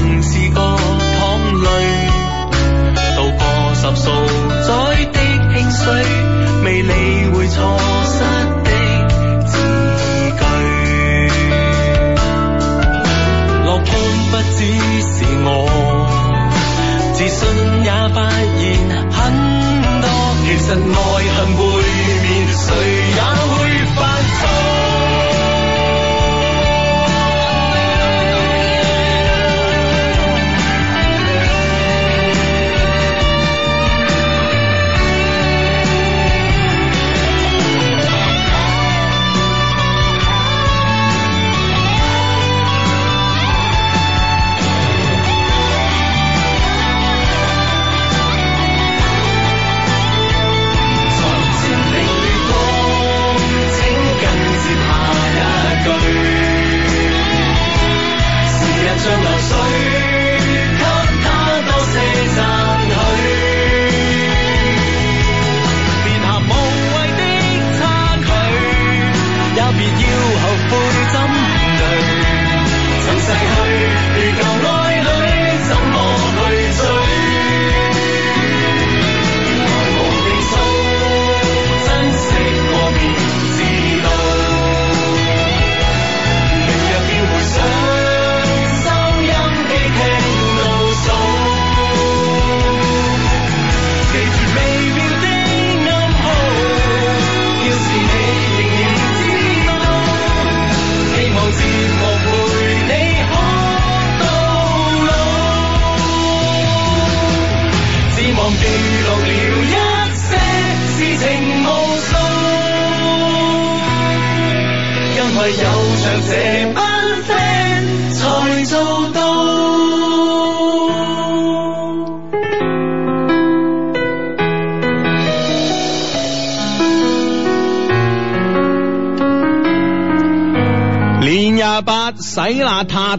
曾試過淌淚，渡過十數載的興衰，未理會錯失的字句。樂觀不只是我，自信也發現很多，其實愛恨。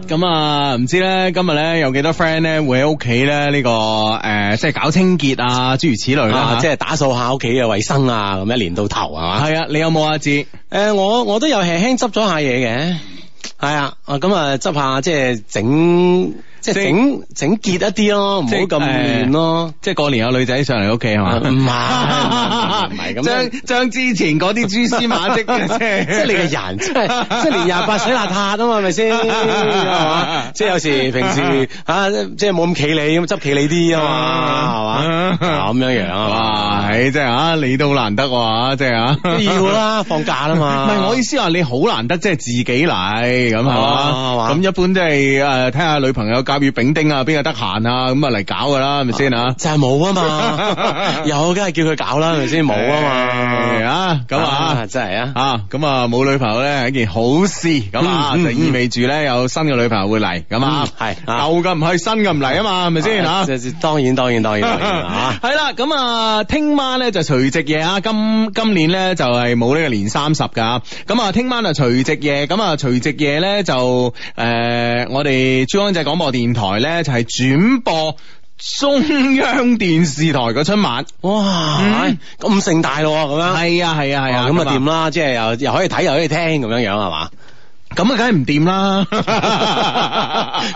咁、嗯這個呃、啊，唔知咧，今日咧有幾多 friend 咧會喺屋企咧呢個誒，即係搞清潔啊，諸如此類啦，啊、即係打掃下屋企嘅衛生啊，咁一年到頭啊，係啊， 你有冇阿哲誒，我我都有輕輕執咗下嘢嘅，係啊，啊，咁啊執下即係整。即係整整結一啲咯，唔好咁亂咯。即係過年有女仔上嚟屋企係嘛？唔係，唔係咁。將將之前嗰啲蛛絲馬跡，即係你嘅人，即係即係連廿八水邋遢啊嘛，係咪先？係嘛？即係有時平時啊，即係冇咁企你咁執企你啲啊嘛，係嘛？咁樣樣哇，唉，即係嚇你都好難得啊！即係嚇，都要啦，放假啦嘛。唔係我意思話，你好難得即係自己嚟咁係嘛？係咁一般都係誒睇下女朋友。甲乙丙丁啊，邊個得閒啊？咁啊嚟搞噶啦，係咪先啊？就係冇啊嘛，有梗係叫佢搞啦，係咪先？冇啊嘛，嚇咁啊，真係啊，嚇咁啊冇女朋友咧係一件好事，咁啊就意味住咧有新嘅女朋友會嚟，咁啊係舊嘅唔去，新嘅唔嚟啊嘛，係咪先啊？即係當然當然當然嚇，係啦，咁啊聽晚咧就除夕夜啊，今今年咧就係冇呢個年三十㗎，咁啊聽晚啊除夕夜，咁啊除夕夜咧就誒我哋珠江經濟廣播電電台咧就係轉播中央電視台嘅春晚，哇，咁、嗯、盛大咯，咁樣，係啊係啊係啊，咁啊掂啦，即係又又可以睇又可以聽，咁樣樣，係嘛。咁啊，梗係唔掂啦！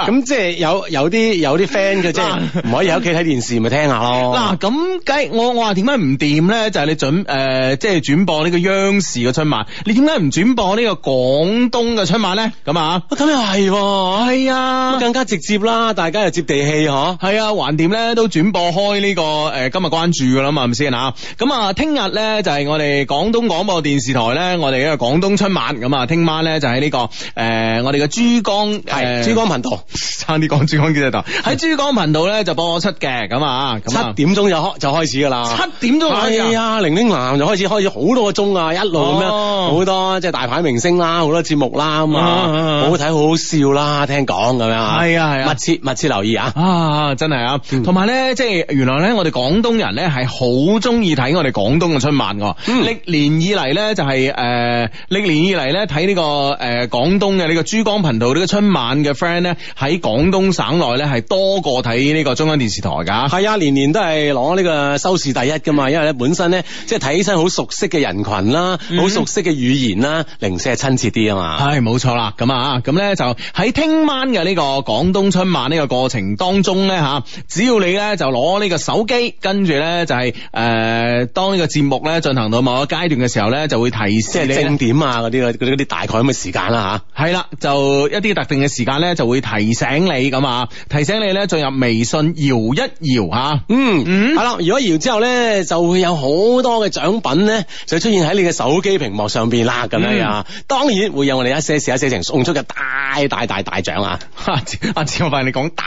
咁即係有有啲有啲 friend 嘅，啫唔可以喺屋企睇電視，咪聽下咯。嗱，咁，咁我我話點解唔掂咧？就係你準誒，即係轉播呢個央視嘅春晚，你點解唔轉播呢個廣東嘅春晚咧？咁啊，咁又係，係啊，更加直接啦，大家又接地氣嗬，係啊，橫掂咧都轉播開呢個誒今日關注噶啦嘛，係咪先啊？咁啊，聽日咧就係我哋廣東廣播電視台咧，我哋呢個廣東春晚，咁啊，聽晚咧就喺呢個。誒，我哋嘅珠江誒珠江頻道，差啲講珠江幾隻台喺珠江頻道咧就播出嘅，咁啊，七點鐘就開就開始噶啦，七點鐘係啊，玲玲男就開始開始好多個鐘啊，一路咁樣好多即係大牌明星啦，好多節目啦咁啊，好好睇好好笑啦，聽講咁樣係啊係啊，密切密切留意啊，啊真係啊，同埋咧即係原來咧我哋廣東人咧係好中意睇我哋廣東嘅春晚個，歷年以嚟，咧就係誒歷年以嚟咧睇呢個誒。廣東嘅呢個珠江頻道呢個春晚嘅 friend 咧喺廣東省內咧係多過睇呢個中央電視台噶，係啊，年年都係攞呢個收視第一噶嘛，嗯、因為咧本身咧即係睇起身好熟悉嘅人群、嗯、啦，好熟悉嘅語言啦，零舍係親切啲啊嘛，係冇錯啦，咁啊，咁咧就喺聽晚嘅呢個廣東春晚呢個過程當中咧吓，只要你咧就攞呢個手機，跟住咧就係、是、誒、呃、當個節呢個節目咧進行到某個階段嘅時候咧，就會提示你即係正點啊嗰啲嗰嗰啲大概咁嘅時間啦。吓，係啦，就一啲特定嘅時間咧，就會提醒你咁啊，提醒你咧進入微信搖一搖吓，嗯嗯，係啦、嗯，搖一搖之後咧，就會有好多嘅獎品咧，就出現喺你嘅手機屏幕上邊啦咁樣。嗯、當然會有我哋一些事一些情送出嘅大大大大獎 啊！阿阿志，你講 大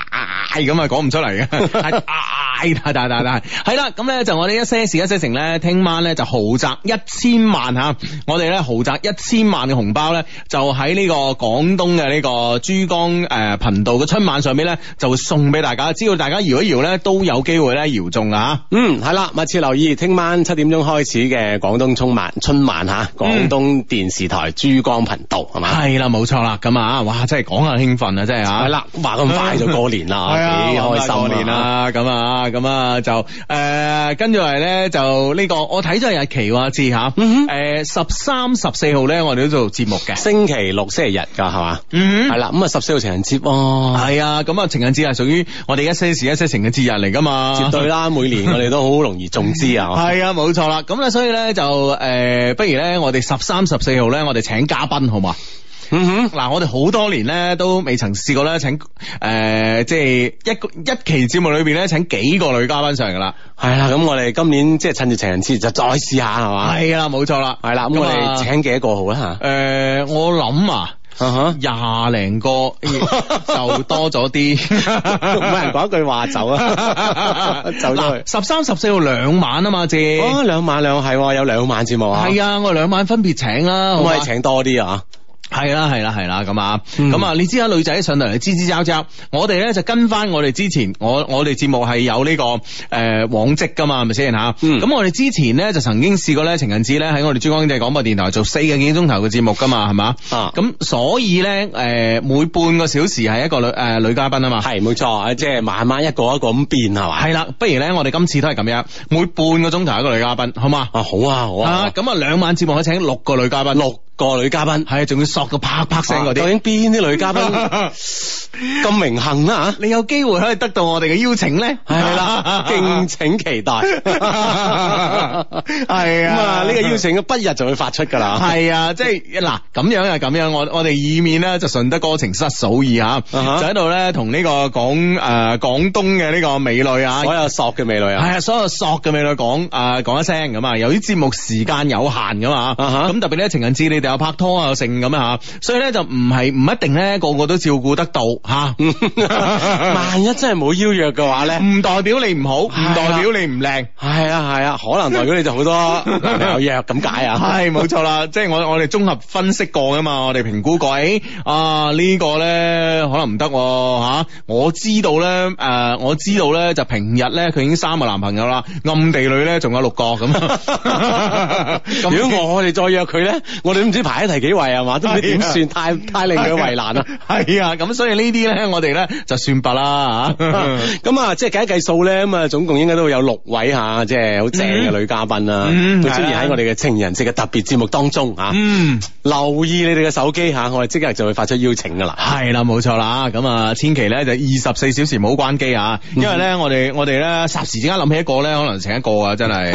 咁啊，講唔出嚟嘅，大大大大大，係啦，咁咧就我哋一些事一些情咧，聽晚咧就豪宅一千萬吓，我哋咧豪宅一千萬嘅紅包咧，就係、是。喺呢個廣東嘅呢個珠江誒頻、呃、道嘅春晚上邊咧，就會送俾大家。只要大家搖一搖咧，都有機會咧搖中嘅、啊、嗯，係啦，密切留意聽晚七點鐘開始嘅廣東春晚，春晚吓，廣東電視台珠江頻道係嘛？係、嗯、啦，冇錯啦。咁啊，哇，真係講下興奮啊，真係、嗯、啊。係啦，話咁快就過年啦，幾 呀開心，年啦，咁啊，咁 啊、嗯啊，嗯、啊，就誒、呃、跟住嚟，咧，就呢、這個我睇咗日期話字吓，誒十三、十四號咧，我哋都做節目嘅星期。星期六、星期日噶係嘛？嗯，係啦、mm，咁啊十四號情人節喎，係、哦、啊，咁啊情人節係屬於我哋一些事、一些情嘅節日嚟噶嘛？絕對啦， 每年我哋都好容易中招 說啊。係啊，冇錯啦。咁咧，所以咧就誒、呃、不如咧我哋十三、十四號咧，我哋請嘉賓好嘛？嗯哼，嗱，我哋好多年咧都未曾試過咧，請誒、呃，即係一一期節目裏邊咧，請幾個女嘉賓上嚟噶、嗯嗯、啦，係啦、嗯。咁、嗯、我哋今年即係趁住情人節就再試下係嘛，係啦，冇錯啦，係啦。咁我哋請幾多個好咧吓？誒、呃，我諗啊，廿零、啊、個就多咗啲，唔係 人講一句話 走啊，走咗去十三十四號兩晚啊嘛，至？哦、兩兩兩啊，兩晚兩係有兩晚節目啊，係啊，我哋兩晚分別請啦、啊，可唔可以請多啲啊？係啦，係啦，係啦，咁啊，咁啊，你知啦，女仔上嚟嚟吱吱喳喳，我哋咧就跟翻我哋之前，我我哋節目係有呢、這個誒往績噶嘛，係咪先吓？咁、嗯、我哋之前咧就曾經試過咧，情人節咧喺我哋珠江經濟廣播電台做四個幾鐘頭嘅節目噶嘛，係嘛？啊，咁所以咧誒每半個小時係、啊、一個女誒、呃、女嘉賓啊嘛，係冇錯，即係慢慢一個一個咁變係嘛？係啦，不如咧我哋今次都係咁樣，每半個鐘頭一個女嘉賓，好嘛？啊好啊，好啊，咁啊兩、嗯、晚節目可請六個女嘉賓。六個女嘉賓係仲要索個啪啪聲嗰啲，究竟邊啲女嘉賓咁榮幸啦，你有機會可以得到我哋嘅邀請咧，係啦，敬請期待，係啊，呢個邀請嘅不日就會發出噶啦，係啊，即係嗱咁樣啊咁樣，我我哋以免呢就順得哥情失嫂意吓，就喺度咧同呢個講誒廣東嘅呢個美女啊，所有索嘅美女，啊，係啊，所有索嘅美女講誒講一聲咁啊，由於節目時間有限噶嘛，咁特別呢，情人節你哋。又拍拖啊，剩咁啊，所以咧就唔係唔一定咧，個個都照顧得到吓。啊、 萬一真係冇邀約嘅話咧，唔 代表你唔好，唔的代表你唔靚，係啊係啊，可能代表你就好多有約咁解啊。係冇錯啦，即係我我哋綜合分析過㗎嘛，我哋評估過，誒、哎、啊、這個、呢個咧可能唔得吓。我知道咧誒、啊，我知道咧、啊、就平日咧佢已經三個男朋友啦，暗地裏咧仲有六個咁。啊、 如果我哋再約佢咧，我哋啲排喺第幾位係嘛？都唔知點算，啊、太太令佢為難啦。係啊，咁、啊、所以呢啲咧，我哋咧就算罷啦吓。咁 啊，即係計一計數咧，咁啊，總共應該都會有六位吓、啊，即係好正嘅女嘉賓啦。嗯，啊、會出現喺我哋嘅情人節嘅特別節目當中吓。啊嗯、留意你哋嘅手機吓、啊，我哋即刻就會發出邀請噶、 啊、啦。係啦，冇錯啦。咁啊，千祈咧就二十四小時唔好關機啊，因為咧我哋我哋咧霎時之間諗起一個咧，可能請一個 一啊，真係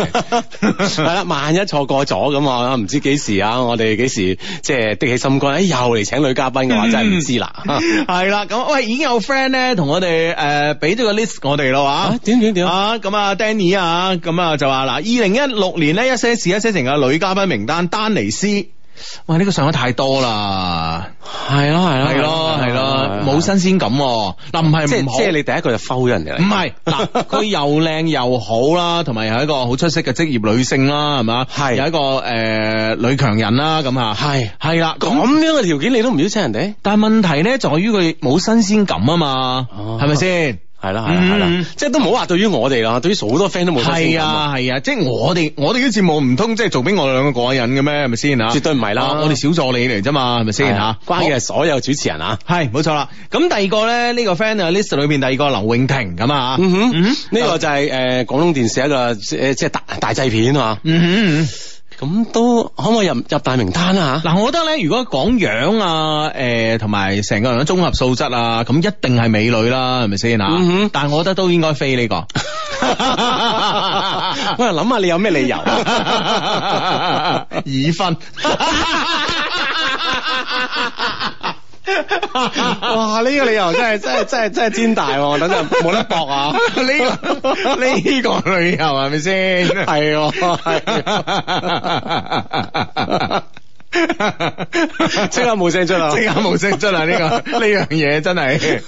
係啦。萬一錯過咗咁啊，唔知幾時啊，我哋幾？時即係啲起心肝，哎，又嚟請女嘉賓嘅話，嗯、真係唔知啦。係啦，咁 喂，已經有 friend 咧同我哋誒俾咗個 list 我哋咯。哇，點點點啊，咁啊，怎樣怎樣啊 Danny 啊，咁啊就話嗱，二零一六年咧一些事一些情嘅女嘉賓名單，丹尼斯。哇！呢個上得太多啦，係咯係咯係咯係咯，冇新鮮感。嗱，唔係即係你第一個就敷人哋，唔係嗱，佢又靚又好啦，同埋又係一個好出色嘅職業女性啦，係咪，係有一個誒女強人啦，咁啊，係係啦，咁樣嘅條件你都唔要請人哋？但係問題咧在於佢冇新鮮感啊嘛，係咪先？係啦，係啦，係啦，即係都唔好話對於我哋啦，對於好多 friend 都冇得。係啊係啊，即係我哋我哋啲節目唔通即係做俾我哋兩個個人嘅咩？係咪先啊？絕對唔係啦，我哋小助理嚟啫嘛，係咪先吓？關嘅係所有主持人啊。係冇錯啦。咁第二個咧，呢個 friend list 裏邊第二個劉永庭咁啊。呢個就係誒廣東電視一個誒即係大大製片啊嘛。咁都可唔可以入入大名單啊？嗱、啊，我覺得咧，如果講樣啊，誒、呃，同埋成個人嘅綜合素質啊，咁、嗯、一定係美女啦，係咪先啊？嗯哼。但係我覺得都應該飛呢個。 喂，諗下你有咩理由？啊？已婚。 哇！呢、這個理由真係真係真係真係天大，等陣冇得駁啊！呢、 這個呢、這個理由係咪先？係喎，係、 啊。 即 刻冇聲出啦！即 刻冇聲出啦！呢、 這個呢樣嘢真係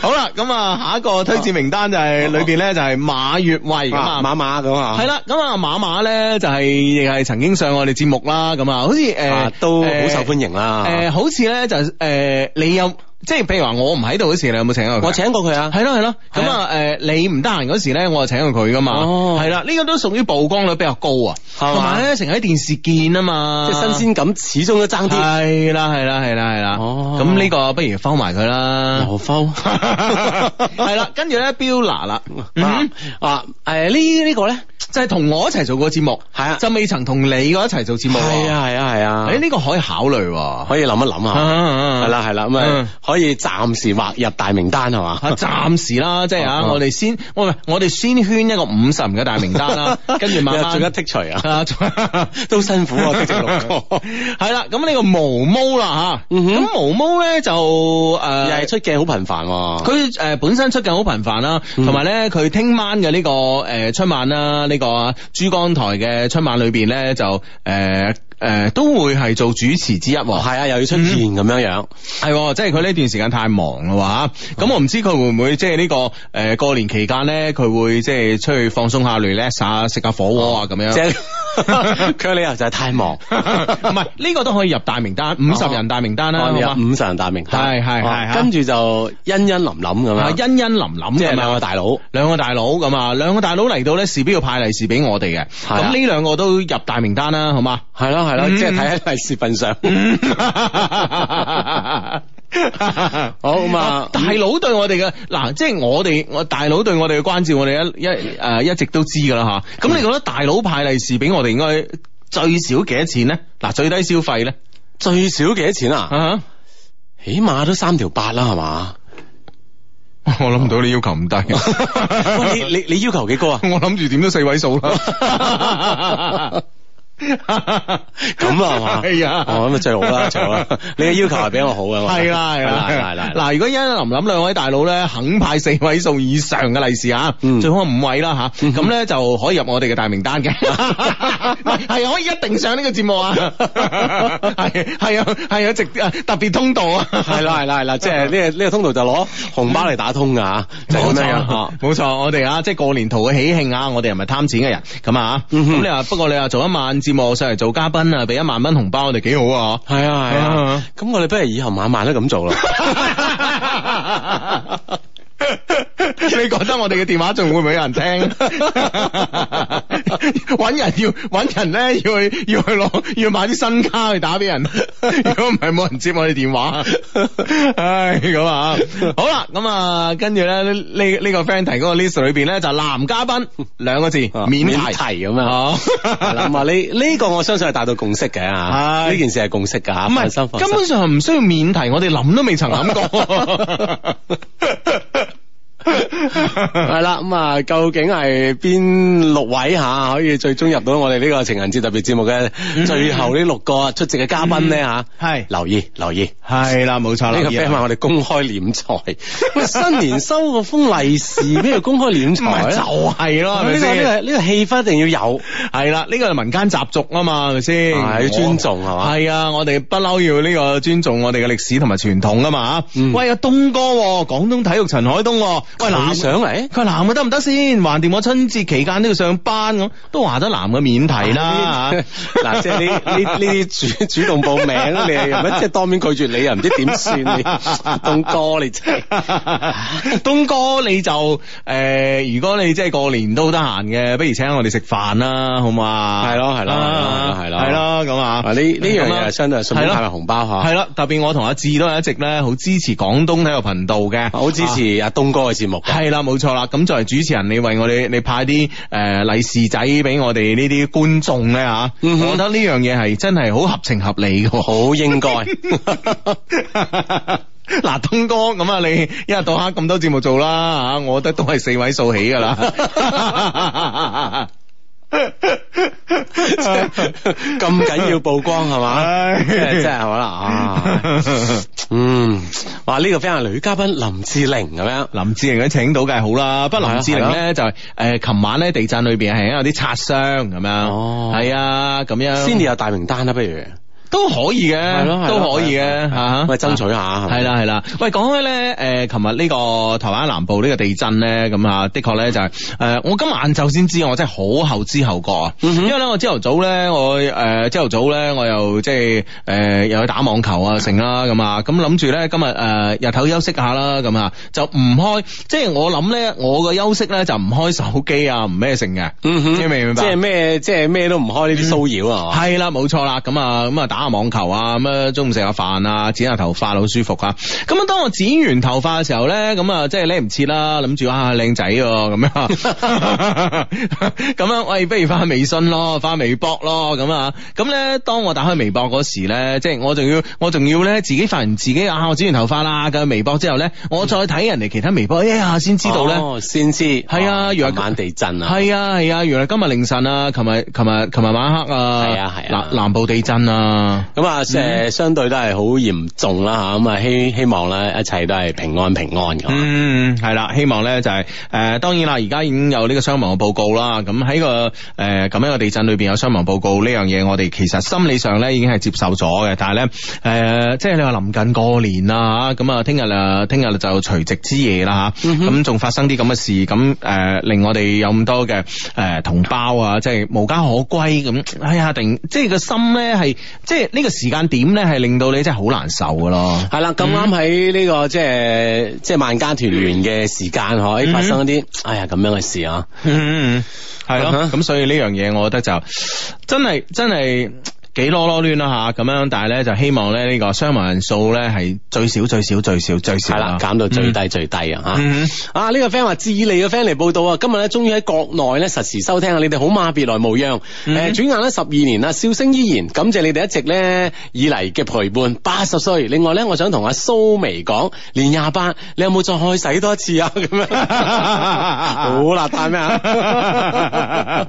好啦，咁啊下一個推薦名單就係、是啊、裏邊咧就係馬月慧咁哇啊，啊。馬馬咁啊。係啦，咁啊馬馬咧就係、是、亦係曾經上我哋節目啦，咁、呃、啊好似誒都好受歡迎啦、啊。誒、呃，好似咧就誒、是呃、你有？即係譬如話我唔喺度嗰時，你有冇請過佢？我請過佢啊，係咯係咯，咁啊誒，你唔得閒嗰時咧，我就請過佢噶嘛。哦，係啦，呢個都屬於曝光率比較高啊，同埋咧成日喺電視見啊嘛，即係新鮮感始終都爭啲。係啦係啦係啦係啦，咁呢個不如封埋佢啦。我封。係啦，跟住咧，彪拿啦，嗯啊誒呢呢個咧就係同我一齊做過節目，係啊，就未曾同你一齊做節目。係啊係啊係啊，誒呢個可以考慮，可以諗一諗啊啊，係啦係啦咁啊。可以暫時劃入大名單係嘛？啊，暫時啦，即係啊、嗯，我哋先喂，我哋先圈一個五十人嘅大名單啦，跟住慢一剔除啊， 都辛苦啊，六個係啦。咁呢個毛毛啦吓！咁毛毛咧就誒又係出鏡好頻繁，佢誒本身出鏡好頻繁啦，同埋咧佢聽晚嘅呢、呢個誒、呃、春晚啦，呢個珠江台嘅春晚裏邊咧就誒。這個這個誒都會係做主持之一，係啊，又要出現咁樣樣，係即係佢呢段時間太忙啦，嚇，咁我唔知佢會唔會即係呢個誒過年期間咧，佢會即係出去放鬆下嚟 relax 下，食下火鍋啊咁樣。即係佢理由就係太忙，唔係呢個都可以入大名單五十人大名單啦，好嘛？五十人大名單，係，係，跟住就欣欣林林咁樣，欣欣林林即係兩個大佬，兩個大佬咁啊，兩個大佬嚟到咧，事必要派利是俾我哋嘅。咁呢兩個都入大名單啦，好嘛？係啦，嗯、即係睇喺利是份上、嗯，哈哈 好嘛，啊？大佬對我哋嘅嗱，即、啊、係、就是、我哋，我大佬對我哋嘅關照我，我哋一一誒，一直都知噶啦吓。咁、啊嗯、你覺得大佬派利是俾我哋應該最少幾多錢咧？嗱，最低消費咧，最少幾多錢啊？Uh huh. 起碼都三條八啦，係嘛？我諗唔到你要求咁低， 你你你要求幾高啊？我諗住點都四位數啦。 咁啊嘛，哦咁啊最好啦，最好啦！你嘅要求係比較好嘅，係啦係啦係啦。嗱，如果一諗琳兩位大佬咧，肯派四位數以上嘅利是啊，最好五位啦吓，咁咧就可以入我哋嘅大名單嘅，係可以一定上呢個節目啊，係係啊係啊，直特別通道啊，係啦係啦係啦，即係呢個呢個通道就攞紅包嚟打通噶吓，冇錯冇錯，我哋啊即係過年圖個喜慶啊，我哋又唔係貪錢嘅人，咁啊咁你話不過你話做一萬。節目我上嚟做嘉賓啊，俾一萬蚊紅包，我哋幾好啊！係啊係啊，咁、啊啊啊、我哋不如以後萬慢都咁做咯。 你覺得我哋嘅電話仲會唔會有人聽？搵 人要搵人咧，要去要去攞，要去要買啲新卡去打俾人。如果唔係，冇人接我哋電話。 唉，咁啊，好啦，咁、嗯、啊，跟住咧呢呢呢、這個 friend 提嗰個 list 裏邊咧，就男、是、嘉賓兩個字，啊、免提咁樣。咁啊，呢呢、這個我相信係達到共識嘅啊。呢、哎、件事係共識噶，唔係是心根本上唔需要免提，我哋諗都未曾諗過。係啦，咁啊，究竟係邊六位吓，可以最終入到我哋呢個情人節特別節目嘅最後呢六個出席嘅嘉賓呢，吓？係留意留意，係啦，冇錯啦。呢個 friend 話我哋公開斂財，新年收個封利是，咩叫公開斂財？唔係就係咯，係咪先？呢個呢個氣氛一定要有，係啦，呢個係民間習俗啊嘛，係咪先？係尊重係嘛？係啊，我哋不嬲要呢個尊重我哋嘅歷史同埋傳統噶嘛喂，喂，東哥，廣東體育陳海東。喂，男上嚟？佢男嘅得唔得先？橫掂，我春節期間都要上班咁，都話得男嘅免提啦，嗱，即係呢你你主主動報名你又乜即係當面拒絕你又唔知點算？東哥你真係，東哥你就誒，如果你即係過年都得閒嘅，不如請我哋食飯啦，好嘛？係咯係咯係咯係咯咁啊！呢呢樣嘢相對順便派埋紅包吓。係咯，特別我同阿志都係一直咧好支持廣東體育頻道嘅，好支持阿東哥嘅。係啦，冇錯啦。咁作為主持人，你為我哋，你派啲誒利是仔俾我哋呢啲觀眾咧吓，啊嗯、哼我覺得呢樣嘢係真係好合情合理嘅，好應該。嗱， 東哥咁啊，你一日到黑咁多節目做啦吓、啊，我覺得都係四位數起噶啦。 咁緊 要曝光係嘛？真係真係係啦？啊， 嗯，話呢、這個非常女嘉賓林志玲咁樣，林志玲佢請到梗係好啦，不過林志玲咧就誒、是，琴、呃、晚咧地震裏邊係有啲擦傷咁樣，係啊，咁樣先至有大名單啦，不如。都可以嘅，係咯，都可以嘅，吓的，喂，爭取下係啦係啦。喂，講開咧，誒，琴日呢個台灣南部呢個地震咧，咁啊，的確咧就係，誒，我今晚晏晝先知，我真係好後知後覺啊。因為咧，我朝頭早咧，我誒，朝頭早咧，我又即係誒，又去打網球啊，成啦， 咁啊，咁諗住咧，今日誒，日頭休息下啦，咁啊，就唔開，即係我諗咧，我嘅休息咧就唔開手機啊，唔咩成嘅，你明唔明白？即係咩，即係咩都唔開呢啲騷擾啊，係啦，冇錯啦，咁啊，咁啊。打下網球啊，咁啊中午食下飯啊，剪下頭髮好舒服啊。咁啊，當我剪完頭髮嘅時候咧，咁啊即係你唔切啦，諗住啊靚仔咁樣。咁 樣，喂，不如返下微信咯，返下微博咯，咁啊。咁咧，當我打開微博嗰時咧，即係我仲要，我仲要咧自己發完自己啊，我剪完頭髮啦，咁去微博之後咧，我再睇人哋其他微博，哎呀，先知道咧、哦，先知係啊，雲南、哦、來地震啊，係啊係啊，原來今日凌晨啊，琴日琴日琴日琴日晚黑啊，係啊係啊，南部地震啊。咁啊、嗯，即相對都係好嚴重啦吓，咁啊希希望咧，一切都係平安平安咁。嗯，係啦，希望咧就係、是、誒、呃，當然啦，而家已經有呢個傷亡嘅報告啦。咁、呃、喺個誒咁樣嘅地震裏邊有傷亡報告呢樣嘢，這個、我哋其實心理上咧已經係接受咗嘅。但係咧誒，即、呃、係、就是、你話臨近過年啊，咁啊聽日啊聽日就除夕之夜啦吓，咁仲發生啲咁嘅事，咁、嗯、誒、嗯哼 kind of 嗯、令我哋有咁多嘅誒、呃、同胞啊，即係無家可歸咁、嗯，哎呀、呃，定即係個心咧係即。即即係呢、呢個時間點咧，係令到你真係好難受噶咯。係啦，咁啱喺呢個、mm hmm. 即係即係萬家團圓嘅時間，可以、mm hmm. 發生一啲哎呀咁樣嘅事啊。係咯，咁所以呢樣嘢，我覺得就真係真係。幾囉囉攣啦吓，咁樣，但係咧就希望咧呢個傷亡人數咧係最少最少最少最少，最少，係啦、嗯，減、啊、到最低最低、嗯、啊吓。啊、這、呢個 friend 話智利嘅 friend 嚟報道啊，今日咧終於喺國內咧實時收聽啊，你哋好馬別來無恙。誒、嗯，轉眼咧十二年啦，笑聲依然，感謝你哋一直咧以嚟嘅陪伴。八十歲，另外咧我想同阿蘇眉講，年廿八，你有冇再去洗多一次啊？咁 樣好邋遢咩啊？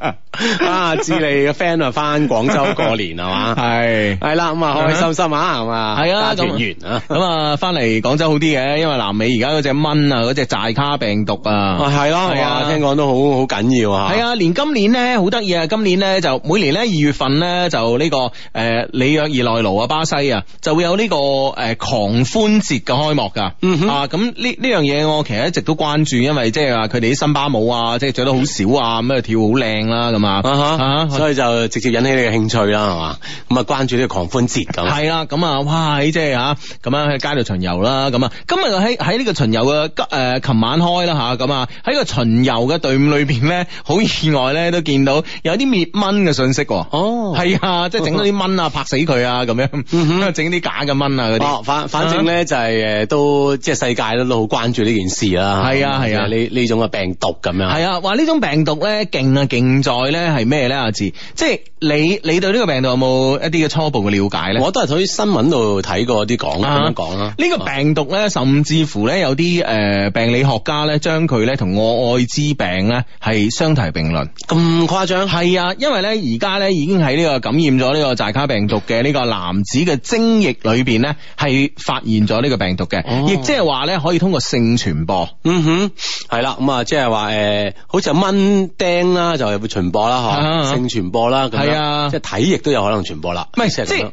呃 啊！智利嘅 friend 啊，翻廣州過年係嘛？係係啦，咁啊開開心心啊，係嘛吧？係啊、嗯哼，團圓啊，咁啊翻嚟廣州好啲嘅，因為南美而家嗰隻蚊啊，嗰隻寨卡病毒啊，係咯，係啊，啊啊聽講都好好緊要啊。係啊，連今年咧好得意啊，今年咧就每年咧二月份咧就呢、這個誒里約熱內盧啊，巴西啊就會有呢、這個誒、呃、狂歡節嘅開幕噶。嗯、哼啊，咁呢呢樣嘢我其實我一直都關注，因為，因為即係話佢哋啲森巴舞啊，即係着得好少啊，咁啊跳好靚啦咁。嗯嗯嗯嗯嗯嗯啊所以就直接引起你嘅興趣啦，係嘛？咁啊，關注呢個狂歡節咁。係啦，咁啊，哇！即係吓咁樣喺街度巡遊啦，咁啊，今日喺喺呢個巡遊嘅誒，琴晚開啦吓，咁啊，喺個巡遊嘅隊伍裏邊咧，好意外咧，都見到有啲滅蚊嘅訊息喎。哦，係啊，即係整咗啲蚊啊，拍死佢啊，咁樣，整啲假嘅蚊啊，嗰啲。反反正咧就係誒，都即係世界都都好關注呢件事啦。係啊係啊，呢呢種嘅病毒咁樣。係啊，話呢種病毒咧，勁啊勁在。咧係咩咧？阿志，即係你，你對呢個病毒有冇一啲嘅初步嘅了解咧？我都係喺新聞度睇過啲講咁樣講啦。呢個病毒咧，甚至乎咧有啲誒病理學家咧，將佢咧同我愛滋病咧係相提並論。咁誇張？係啊，因為咧而家咧已經喺呢個感染咗呢個寨卡病毒嘅呢個男子嘅精液裏邊咧，係發現咗呢個病毒嘅，亦即係話咧可以通過性傳播。嗯哼，係啦，咁啊，即係話誒，好似蚊叮啦，就係會傳播啦，嗯、性傳播啦，咁啊，樣啊即係體液都有可能傳播啦。唔係是，即係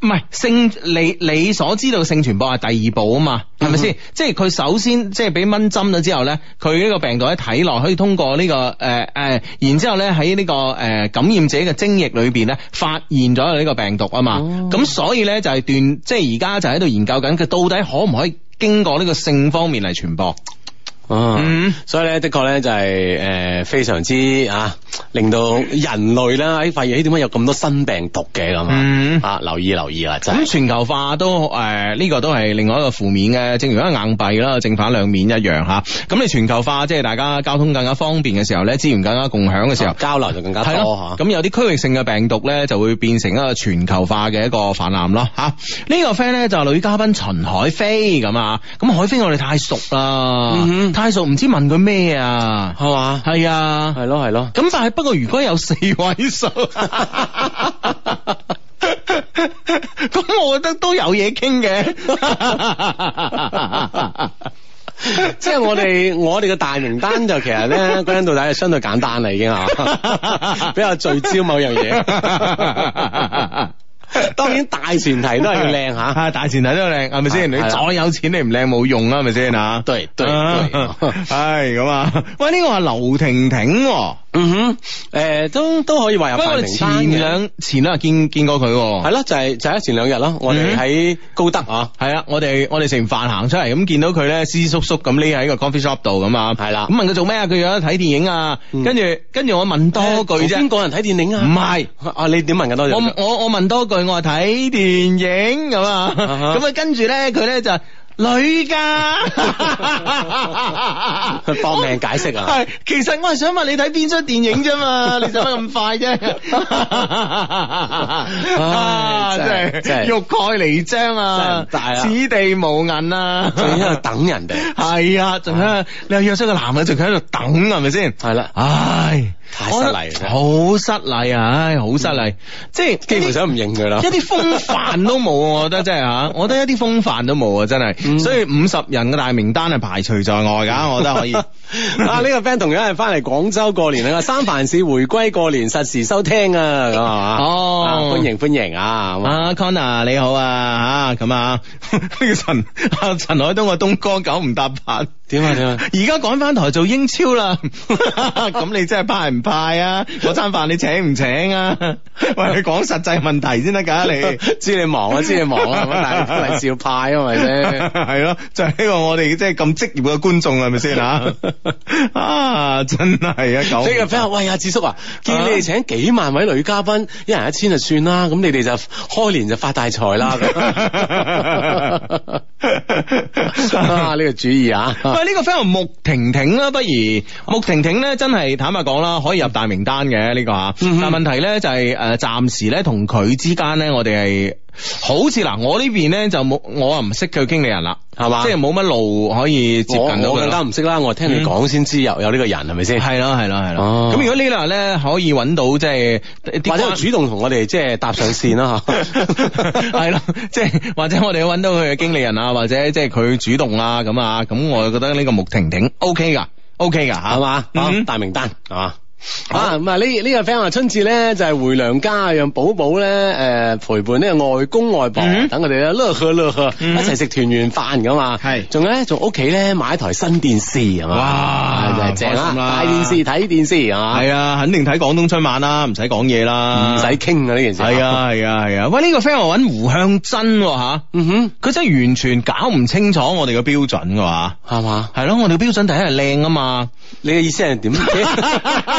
唔係性？你你所知道性傳播係第二步啊嘛，係咪、嗯、哼先？即係佢首先即係俾蚊針咗之後咧，佢呢個病毒喺體內可以通過呢、這個誒誒、呃，然之後咧喺呢個誒、呃、感染者嘅精液裏邊咧發現咗呢個病毒啊嘛。咁、哦、所以咧就係斷，即係而家就喺度研究緊，佢到底可唔可以經過呢個性方面嚟傳播？啊，所以咧，的確咧就係誒，非常之啊，令到人類啦，誒，發現點解有咁多新病毒嘅咁啊？啊，留意留意啦，咁全球化都誒，呢個都係另外一個負面嘅，正如一個硬幣啦，正反兩面一樣吓。咁你全球化即係大家交通更加方便嘅時候咧，資源更加共享嘅時候，交流就更加多。咁有啲區域性嘅病毒咧，就會變成一個全球化嘅一個泛濫咯。吓，呢個 friend 咧就係女嘉賓陳海飛咁啊。咁海飛我哋太熟啦。太熟唔知問佢咩啊，係嘛吧，係啊，係咯係咯，咁、啊啊、但係不過如果有四位數，咁 我覺得都有嘢傾嘅，即係我哋 我哋嘅大名單就其實咧歸根到底係相對簡單啦，已經係嘛，比較聚焦某樣嘢。 當然大前提都係要靚吓、 啊，大前提都要靚係咪先？是是 你再有錢你唔靚冇用啊，係咪先吓？對對對，係咁、 哎、啊！喂，呢、這個係劉婷婷、啊。嗯哼，誒、呃，都都可以話入飯食。我哋前兩前兩日見見過佢，係咯，就係就係前兩日咯。我哋喺高德啊，係啦，我哋我哋食完飯行出嚟，咁見到佢咧，斯斯索索咁匿喺個 coffee shop 度咁啊，係啦、嗯。咁問佢做咩啊？佢有得睇電影啊？跟住跟住我問多句啫。邊個、呃、人睇電影啊？唔係是，啊你點問噶多謝。我我我問多句，我話睇電影咁啊。咁啊，跟住咧，佢咧就。女噶，佢 搏命解釋啊！係我，其實我係想問你睇邊張電影啫嘛？ 你使乜咁快啫？ 唉真啊，真係，真係欲蓋彌彰啊！真唔大，此地無銀啊！仲喺度等人哋，係 啊，仲咩？唉你又約咗個男人，仲喺度等係咪先？係啦，了唉。太失禮，好失禮啊！唉，好失禮，即係基本上唔認佢啦。一啲風範都冇，啊，我覺得真係吓，我覺得一啲風範都冇啊！真係，所以五十人嘅大名單係排除在外噶，我覺得可以。啊，呢個 friend 同樣係翻嚟廣州過年啊，三藩市回歸過年實時收聽啊，咁係嘛？哦，歡迎歡迎啊！啊，Connor 你好啊，吓咁啊，呢個陳陳海東嘅東哥九唔搭八，點啊點啊？而家趕翻台做英超啦，咁你真係拍派啊！嗰餐飯你請唔請啊？喂，你講實際問題先得㗎，你 知你忙啊，知你忙啊，咁但係都係笑大少派啊，咪先係咯？就係呢個我哋即係咁職業嘅觀眾啦，係咪先啊， 啊可可？ 啊，真係啊！狗。呢個 friend 喂阿智叔啊，見你哋請幾萬位女嘉賓，啊、一人一千就算啦，咁你哋就開年就發大財啦咁 啊！呢、這個主意啊！ 喂，呢、這個 friend 穆婷婷啦，不如穆婷婷咧，廷廷真係坦白講啦。可以入大名單嘅呢個吓，但係問題咧就係誒，暫時咧同佢之間咧，我哋係好似嗱，我呢邊咧就冇，我啊唔識佢經理人啦，係嘛，即係冇乜路可以接近到佢。我更加唔識啦，我聽你講先知有有呢個人係咪先？係咯係咯係咯。咁如果呢兩日咧可以搵到，即係或者主動同我哋即係搭上線啦吓，係咯，即係或者我哋搵到佢嘅經理人啊，或者即係佢主動啦咁啊，咁我啊覺得呢個穆婷婷 O K 噶，O K 噶吓嘛，大名單啊。啊，咁啊呢呢個 friend 話春節咧就係回娘家，讓寶寶咧誒陪伴呢個外公外婆等佢哋樂呵樂呵，一齊食團圓飯噶嘛，係，仲咧喺屋企咧買一台新電視，哇，真係正啦，大電視睇電視，係啊，肯定睇廣東春晚啦，唔使講嘢啦，唔使傾啊呢件事，係啊係啊係啊，喂呢個 friend 搵胡向真吓，嗯哼，佢真係完全搞唔清楚我哋嘅標準噶嘛，係嘛，係咯，我哋標準第一係靚啊嘛，你嘅意思係點？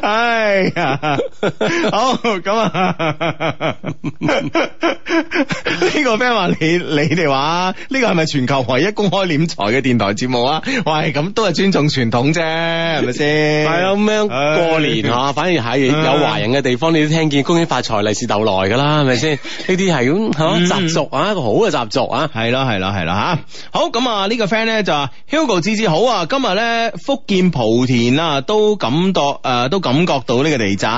哎呀，好咁啊！呢、嗯、 個 friend 話你你哋話呢個係咪全球唯一公開斂財嘅電台節目啊？喂，咁都係尊重傳統啫，係咪先？係啊、哎，咁樣過年啊，反而喺有華人嘅地方，哎、呀你都聽見恭喜發財、利是逗來噶啦，係咪先？呢啲係咁吓習俗啊，一個好嘅習俗啊。係咯， 係咯，係咯吓。好咁啊，個呢個 friend 咧就話 Hugo 之之好啊，今日咧福建莆田啊都感覺誒。呃都感覺到呢個地震。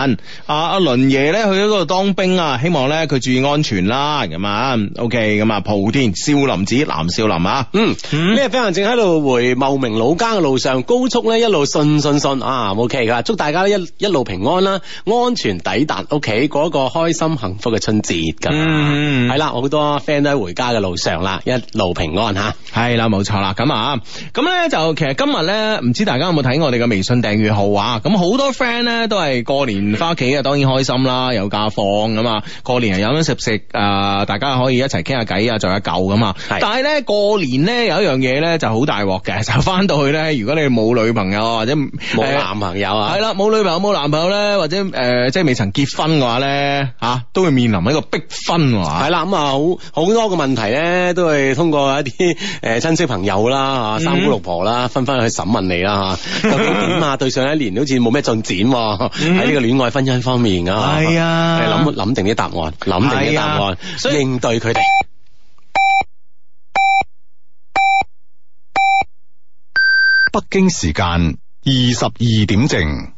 阿阿倫爺咧去咗嗰度當兵啊，希望咧佢注意安全啦。咁啊，OK，咁啊，莆、okay，啊、田少林寺南少林啊，嗯，咩 friend 正喺度回茂名老家嘅路上，高速咧一路順順順啊。OK，咁祝大家一一路平安啦，安全抵達屋企嗰個開心幸福嘅春節。咁係啦，好、嗯、多 friend 都喺回家嘅路上啦，一路平安吓，係、啊、啦，冇錯啦。咁啊，咁咧就其實今日咧，唔知大家有冇睇我哋嘅微信訂閱號啊？咁好多。friend 咧都係過年翻屋企啊，當然開心啦，有假放咁啊。過年係飲飲食食，啊、呃，大家可以一齊傾下偈啊，聚下舊咁啊。但係咧過年咧有一樣嘢咧就好大鑊嘅，就翻到去咧，如果你冇女朋友或者冇男朋友啊，係 啦，冇女朋友冇男朋友咧，或者誒、呃、即係未曾結婚嘅話咧，吓、啊、都會面臨一個逼婚係 啦，咁啊好好多嘅問題咧都係通過一啲誒親戚朋友啦、吓三姑六婆啦，紛紛去審問你啦吓究竟點啊？對上一年好似冇咩進。剪喺呢個戀愛婚姻方面啊，係啊，諗諗定啲答案，諗定啲答案，啊、應對佢哋。北京時間二十二點正。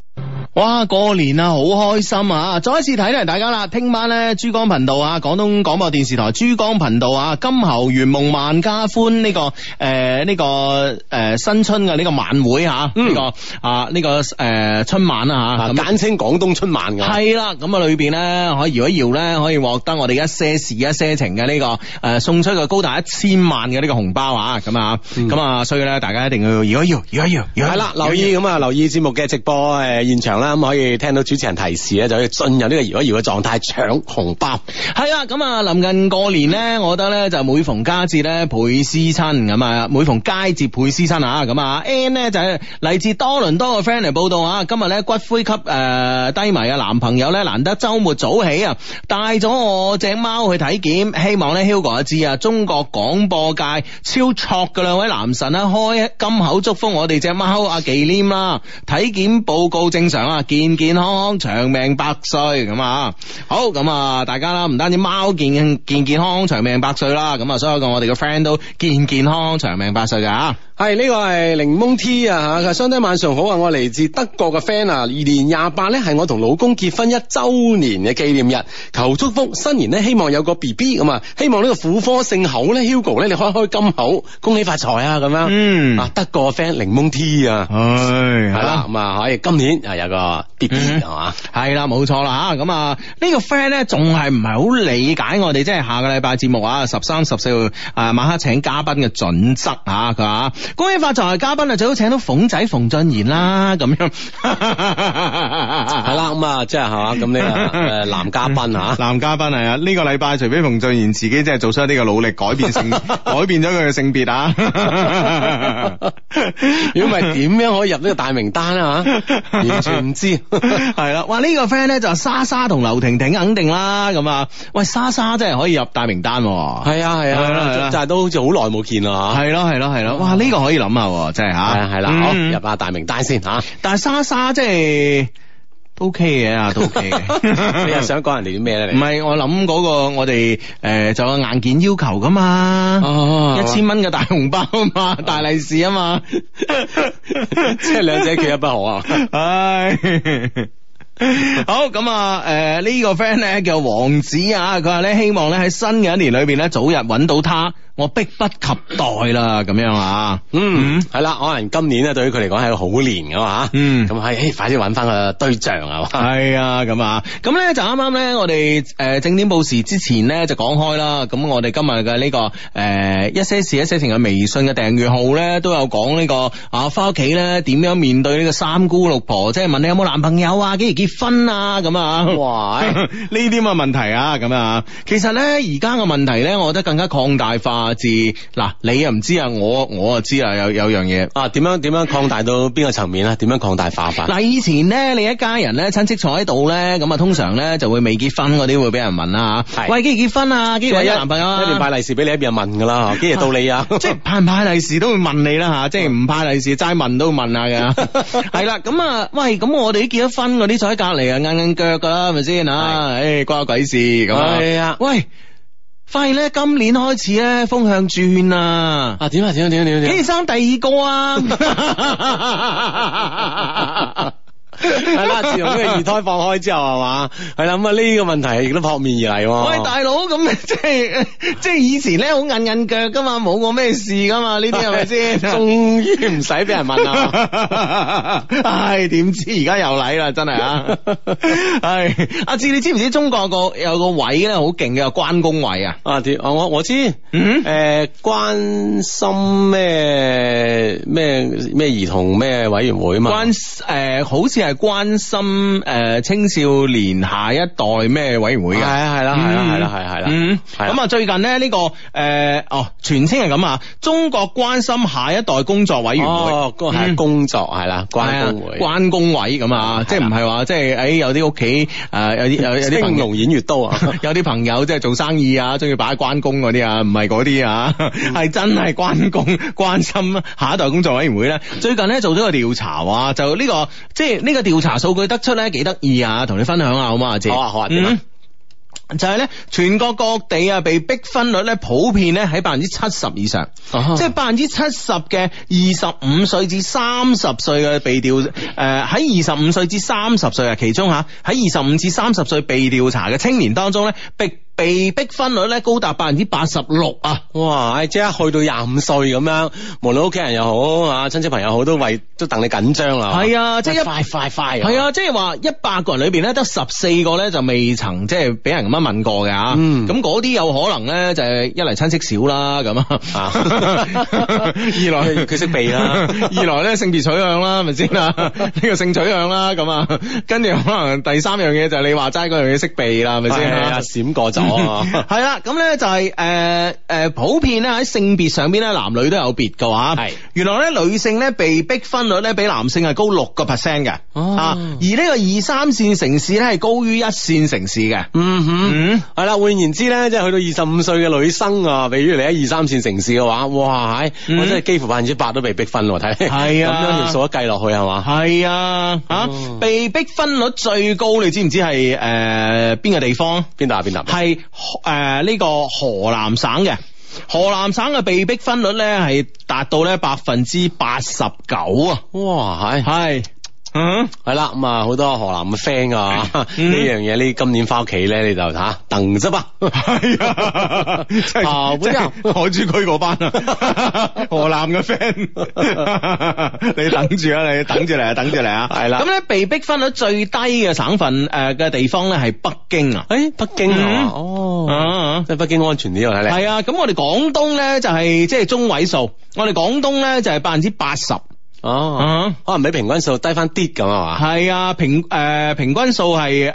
哇！過年啊，好開心啊！再一次睇嚟大家啦，聽晚咧珠江頻道啊，廣東廣播電視台珠江頻道啊，金猴圓夢萬家歡呢個誒呢個誒新春嘅呢個晚會吓，呢個啊呢個誒春晚啊吓，簡稱廣東春晚嘅係啦。咁啊裏邊咧可以搖一搖咧，可以獲得我哋一些事一些情嘅呢個誒送出個高達一千萬嘅呢個紅包啊！咁啊咁啊，所以咧大家一定要搖一搖，搖一搖，係啦，留意咁啊留意節目嘅直播誒現場啦。可以聽到主持人提示咧，就可以進入呢個搖一搖嘅狀態搶紅包。係啊，咁啊，臨近過年呢，我覺得咧就每逢佳節咧倍思親咁啊，每逢佳節倍思親啊。咁啊，N 呢，就係嚟自多倫多嘅 friend 嚟報道啊。今日咧骨灰級誒低迷嘅男朋友咧，難得周末早起啊，帶咗我隻貓去體檢，希望咧 Hugo 阿志啊，中國廣播界超 chok 嘅兩位男神咧，開金口祝福我哋隻貓啊，忌廉啦。體檢報告正常。啊，健健康康，長命百歲咁啊！好，咁啊，大家啦，唔單止貓健健健康長命百歲啦，咁啊，所有嘅我哋嘅 friend 都健健康康長命百歲噶吓。係呢、這個係檸檬 T 啊吓，咁啊，相當晚上好啊，我嚟自德國嘅 friend 啊，二年廿八咧，係我同老公結婚一周年嘅紀念日，求祝福，新年咧希望有個 BB 咁啊，希望呢個婦科聖口咧，Hugo 咧你開開金口，恭喜發財啊咁樣，嗯，啊，德國嘅 friend 檸檬 T 啊，唉、啊，係啦、啊，咁啊可以今年啊有個 BB 係嘛，係啦、嗯，冇、啊啊、錯啦吓，咁啊呢、這個 friend 咧仲係唔係好理解我哋即係下個禮拜節目啊十三十四號啊晚黑請嘉賓嘅準則啊佢啊。啊啊恭喜發財！嘅嘉賓啊，最好請到馮仔馮俊賢啦，咁樣係啦，咁啊，即係係嘛，咁你誒男嘉賓啊，男嘉賓係啊，呢個禮拜除非馮俊賢自己即係做出一啲嘅努力，改變性，改變咗佢嘅性別啊，如果唔係，點樣可以入呢個大名單啊？完全唔知，係啦，哇，呢個 friend 咧就係莎莎同劉婷婷肯定啦，咁啊，喂，莎莎真係可以入大名單，係啊係啊係啦，但係都好似好耐冇見啦吓，係咯係咯係咯，哇，呢個。可以諗下，真係吓，係啦，好，入下大名單先吓。但係莎莎即係 O K 嘅啊，都 O K 嘅。你又想講人哋啲咩咧？唔係我諗嗰個我哋誒，就有硬件要求噶嘛，一千蚊嘅大紅包啊嘛，大利是啊嘛，即係兩者缺一不可啊，唉。 好咁啊，誒、這、呢個 friend 咧叫王子啊，佢話咧希望咧喺新嘅一年裏邊咧早日搵到他，我迫不及待啦咁樣啊、嗯嗯，嗯係啦，可能今年咧對於佢嚟講係好年噶嘛，嗯咁係，快啲搵翻個對象啊。嘛，係啊咁啊，咁咧就啱啱咧我哋誒正點報時之前咧就講開啦，咁我哋今日嘅呢個誒、呃、一些事一些情嘅微信嘅訂閱號咧都有講、這個啊、呢個啊翻屋企咧點樣面對呢個三姑六婆，即係問你有冇男朋友啊，幾時結？結婚啊咁啊，哇！呢啲咁嘅問題啊，咁啊，其實咧而家嘅問題咧，我覺得更加擴大化至。嗱，你又唔知，知啊，我我啊知啊，有有樣嘢啊，點樣點樣擴大到邊個層面啊？點 樣擴大化法？嗱，以前咧，你一家人咧親戚坐喺度咧，咁啊通常咧就會未結婚嗰啲會俾人問啊。嗯、喂，幾時結婚啊？幾時搵男朋友，啊一？一年派利是俾你一邊，有人問噶啦。幾時到你啊？啊 即係派唔派利是都會問你啦，啊、吓，即係唔派利是齋問都會問下、啊、嘅。係 啦，咁啊，喂，咁我哋啲結咗婚嗰啲坐隔籬啊，硬硬腳噶啦，係咪先啊？誒，關我鬼事咁係啊，喂，發現咧今年開始咧風向轉啊！啊，點啊點啊點點點？可以生第二個啊！ 係啦， 自從咩二胎放開之後，係嘛？係啦，咁啊呢個問題亦都撲面而嚟。喂，大佬咁即係即係以前咧好韌韌腳噶嘛，冇過咩事噶嘛？呢啲係咪先？終於唔使俾人問啦。唉、 哎，點知而家又嚟啦？真係、 哎、啊！唉，阿志你知唔知中國有個有個位咧好勁嘅關公位啊？阿志，我我知。嗯？誒、呃，關心咩咩咩兒童咩委員會啊嘛？關誒、呃，好似係。係關心誒青少年下一代咩委員會嘅？係啊係啦，係啦，係啦，係係啦。咁啊最近呢，呢個誒哦全稱係咁啊，中國關心下一代工作委員會。哦，係工作係啦，關關工委咁啊，即係唔係話即係誒有啲屋企誒有有有啲青龍偃月刀啊，有啲朋友即係做生意啊，中意擺關公嗰啲啊，唔係嗰啲啊，係真係關公關心下一代工作委員會咧。最近咧做咗個調查啊，就呢個即係呢個。調查數據得出咧，幾得意啊！同你分享下好嘛，姐？好啊，好啊，點啊？嗯就係咧，全國各地啊，被逼婚率咧普遍咧喺百分之七十以上，哦、即係百分之七十嘅二十五歲至三十歲嘅被調誒，喺二十五歲至三十歲啊，其中吓喺二十五至三十歲被調查嘅青年當中咧，被被逼婚率咧高達百分之八十六啊！哇，即刻去到廿五歲咁樣，無論屋企人又好，好啊，親戚朋友好都為都戥你緊張啦。係啊，啊，即係一快快快，係啊，即係話一百個人裏邊咧，得十四個咧就未曾即係俾人咁。問過嘅啊，咁嗰啲有可能咧，就係一嚟親戚少啦，咁啊；二來佢識避啦，二來咧性別取向啦，係咪先啊？呢個性取向啦，咁啊，跟住可能第三樣嘢就係你話齋嗰樣嘢識避啦，係咪先啊？閃過咗，係啦。咁咧就係誒誒，普遍咧喺性別上邊咧，男女都有別嘅話，係原來咧女性咧被逼婚率咧比男性係高六個 percent 嘅，啊，而呢個二三線城市咧係高於一線城市嘅，嗯哼。嗯，係啦。換言之咧，即係去到二十五歲嘅女生啊，比如你喺二三線城市嘅話，哇，係、嗯，我真係幾乎百分之百都被逼婚咯。睇係啊，咁樣條數一計落去係嘛？係啊，吓、啊、被逼婚率最高，你知唔知係誒邊個地方？邊度啊？邊度？係誒呢個河南省嘅，河南省嘅被逼婚率咧係達到咧百分之八十九啊！哇、呃，係、嗯。 嗯，係啦，咁啊，好多河南嘅 friend 啊，呢樣嘢你今年翻屋企咧，你就吓等啫嘛，係啊 對，即係海珠區嗰班啊，河南嘅 friend， 你等住啊，你等住嚟啊，等住嚟啊 oper， 係 啦、嗯。咁咧被逼分率最低嘅省份誒嘅地方咧係北京啊，誒、 嗯，北京哦，即係北京安全啲喎，係咪？係 啊，咁、嗯、 我哋廣東咧就係即係中位數，我哋廣東咧就係百分之八十。哦，oh, uh huh. 可能比平均數低翻啲咁啊嘛，係啊，平誒、呃、平均數係。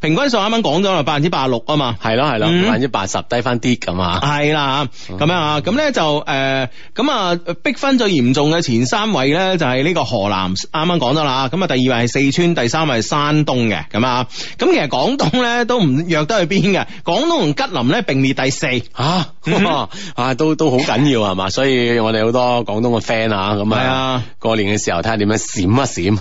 平均數啱啱講咗啦，百分之八十六啊嘛，係咯係咯，百分之八十低翻啲咁啊，係啦，咁樣咁咧就誒，咁啊逼分最嚴重嘅前三位咧就係呢個河南，啱啱講咗啦，咁啊第二位係四川，第三位係山東嘅，咁啊，咁其實廣東咧都唔弱得去邊嘅，廣東同吉林咧並列第四吓，啊都都好緊要係嘛，所以我哋好多廣東嘅 friend 啊，咁啊過年嘅時候睇下點樣閃一閃，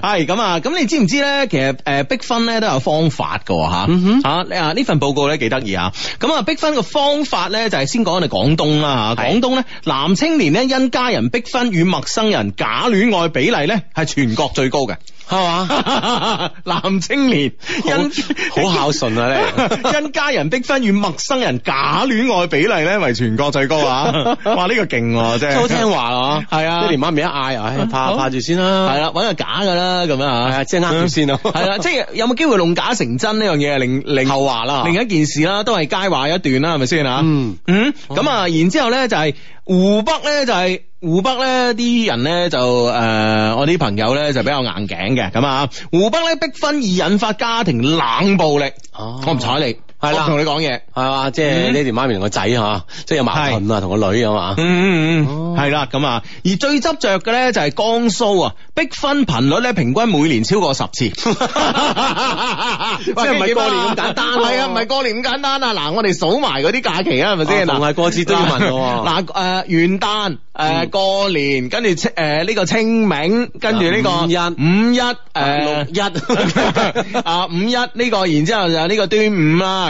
係咁啊，咁你知唔知咧？誒誒，逼婚咧都有方法噶吓，哼、huh. 啊，吓你啊呢份報告咧幾得意啊，咁啊逼婚嘅方法咧就係、是，先講我哋廣東啦吓，啊，廣東咧男青年咧因家人逼婚與陌生人假戀愛比例咧係全國最高嘅。係嘛，男青年，好孝順啊你，因家人逼婚與陌生人假戀愛比例咧，為全國最高啊，哇呢個勁即係都好聽話啊，係啊，你連媽咪一嗌，啊，怕怕住先啦，係啦，搵個假噶啦咁樣啊，即係啱住先咯，係啦，即係有冇機會弄假成真呢樣嘢，另另後話啦，另一件事啦，都係佳話一段啦，係咪先啊？嗯嗯，咁啊，然之後咧就係。湖北咧就係、是、湖北咧啲人咧就誒、呃、我啲朋友咧就比較硬頸嘅咁啊，湖北咧逼婚而引發家庭冷暴力，哦、啊，我唔睬你。係啦，同你講嘢係嘛，即係爹哋媽咪同個仔吓，即係有矛盾啊，同個女啊嘛。嗯嗯嗯，係啦咁啊。而最執着嘅咧就係江蘇啊，逼婚頻率咧平均每年超過十次， 哇即係唔係過年咁簡單。係啊，唔係過年咁簡單啊。嗱，我哋數埋嗰啲假期啊，係咪先？嗱，逢係過節都要問嘅。嗱，誒、 呃呃、元旦，誒、呃、過年，跟住誒呢個清明，跟住呢個五一誒六一 啊五一呢個，然之後就呢個端午啊。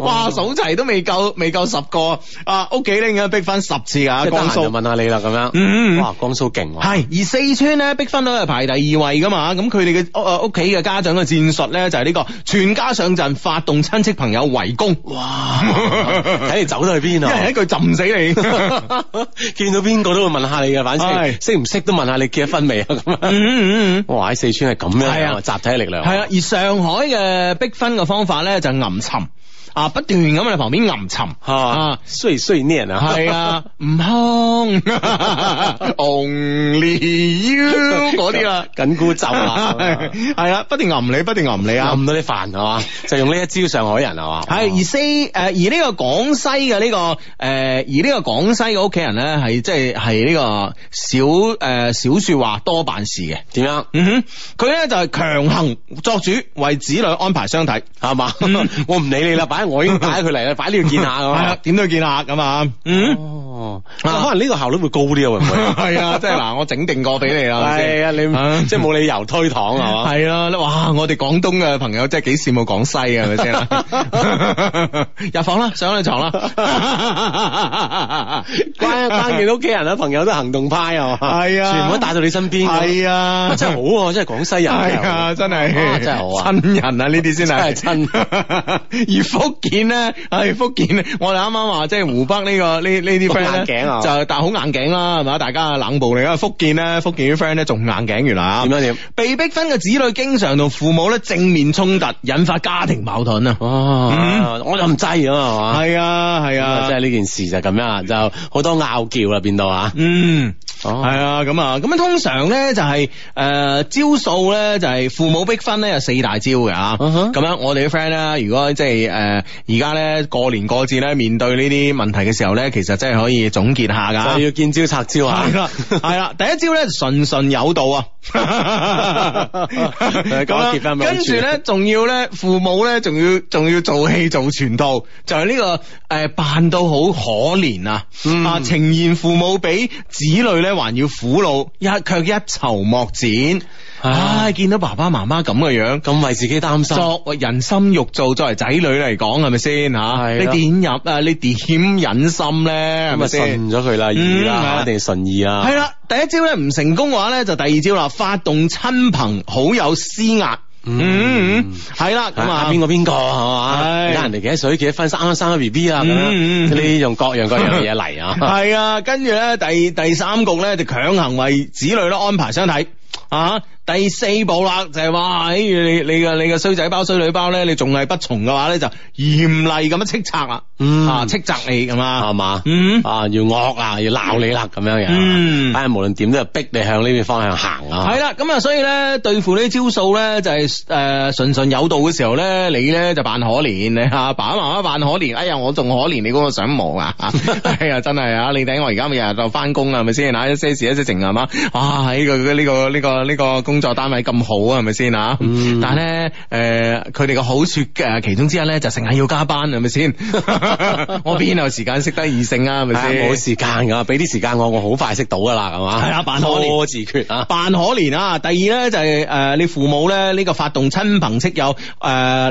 哇！數齊都未夠，未夠十個啊！屋企咧應該逼翻十次噶。江蘇又問下你啦，咁樣，哇，江蘇勁喎。係而四川咧逼婚都係排第二位噶嘛，咁佢哋嘅誒屋企嘅家長嘅戰術咧就係呢個全家上陣，發動親戚朋友圍攻。哇！睇你走得去邊啊！一人一句浸死你，見到邊個都會問下你嘅，反正識唔識都問下你結咗婚未啊？咁樣，哇！喺四川係咁樣，係啊，集體力量。係啊，而上海嘅逼婚嘅方法咧就係暗沉。啊！不斷咁喺旁邊吟沉，啊啊，衰衰呢人啊，係啊，唔通 Only you 嗰啲啦，緊箍咒啦，係係不斷吟你，不斷吟你啊，吟到你煩係嘛？ 就用呢一招上海人係嘛？係而西誒，而呢個廣西嘅呢、這個誒、呃，而呢個廣西嘅屋企人咧，係即係係呢個少誒少說話多辦事嘅。點啊？哼，佢咧就係強行作主為子女安排相睇，係嘛？我唔理你啦，擺。我已經帶佢嚟啦，擺呢度見下咁啊，點都要見下咁啊。哦，可能呢個效率會高啲喎，係啊，即係嗱，我整定過俾你啦，係啊，你即係冇理由推搪係嘛？係咯，哇！我哋廣東嘅朋友真係幾羨慕廣西嘅係咪先？入房啦，上你床啦。關關健屋企人啊，朋友都行動派啊嘛，係啊，全部都帶到你身邊。係啊，真係好啊，真係廣西人啊，真係真係好啊親人啊，呢啲先係親。越福。福建咧，唉，福建咧，我哋啱啱話即係湖北、這個、呢個呢呢啲 friend 咧，啊、就係但係好硬頸啦，係嘛？大家冷暴力㗎，福建咧，福建啲 friend 咧仲硬頸原啦，咁樣點？被逼婚嘅子女經常同父母咧正面衝突，引發家庭矛盾啊！哦嗯、我就唔制啊，係啊係啊，啊嗯、即係呢件事就咁樣，就好多拗撬啦，變到啊，嗯。哦，係啊，咁啊，咁樣通常咧就係、是、誒、呃、招數咧就係、是、父母逼婚咧有四大招嘅啊。咁、啊、哈樣我哋啲 friend 咧，如果即係誒而家咧過年過節咧面對呢啲問題嘅時候咧，其實真係可以總結下噶、啊。要見招拆招啊。係啦， 係啦，第一招咧順順有道啊。 啊 啊跟住咧，仲要咧父母咧，仲要仲要做戲做全套，就係、是、呢、這個誒扮、呃、到好可憐啊，啊、嗯、 呈現父母俾子女咧。還要苦惱，一卻一籌莫展。唉、啊啊，見到爸爸媽媽咁嘅樣，樣，咁為自己擔心，作人心肉做，作為仔女嚟講，係咪先吓？的你點忍？啊？你點忍心咧？咁咪信咗佢啦，二、嗯、一定係信二啊？係啦，第一招咧唔成功嘅話咧，就第二招啦，發動親朋好友施壓。嗯，係、嗯、啦，咁、嗯嗯嗯、啊邊個邊個係嘛，拉、啊啊啊、人哋幾多歲？幾多分，剛剛生生個 B B 啊咁樣，呢、嗯嗯、用各樣各樣嘅嘢嚟啊，係啊，跟住咧第第三局咧就強行為子女咧安排相睇啊。第四步啦，就係、是、話，哎，你你個你個衰仔包衰女包咧，你仲係不從嘅話咧，就嚴厲咁樣斥責啦，啊斥責你咁啊，係嘛，啊要惡啊，要鬧你啦，咁樣樣，反正、嗯啊、無論點都係逼你向呢邊方向行、嗯、啊。係啦，咁、就是呃哎、啊，所以咧對付呢招數咧，就係誒順順有道嘅時候咧，你咧就扮可憐你吓，爸爸媽媽扮可憐，哎呀我仲可憐你嗰個上望啊，哎呀真係啊，你睇我而家咪日日就翻工啊，係咪先嗱，一些事一些情係嘛，啊，呢個呢個呢個呢個。工作單位咁好啊，係咪先啊？嗯、但係咧，誒、呃，佢哋嘅好處嘅其中之一咧，就成日要加班，係咪先？ 我邊有時間識得異性啊？係咪先？冇時間噶，俾啲時間我，我好快識到噶啦，係嘛？係啊，扮可憐，自決啊，扮可憐啊！第二咧就係、是、誒、呃，你父母咧呢、這個發動親朋戚友誒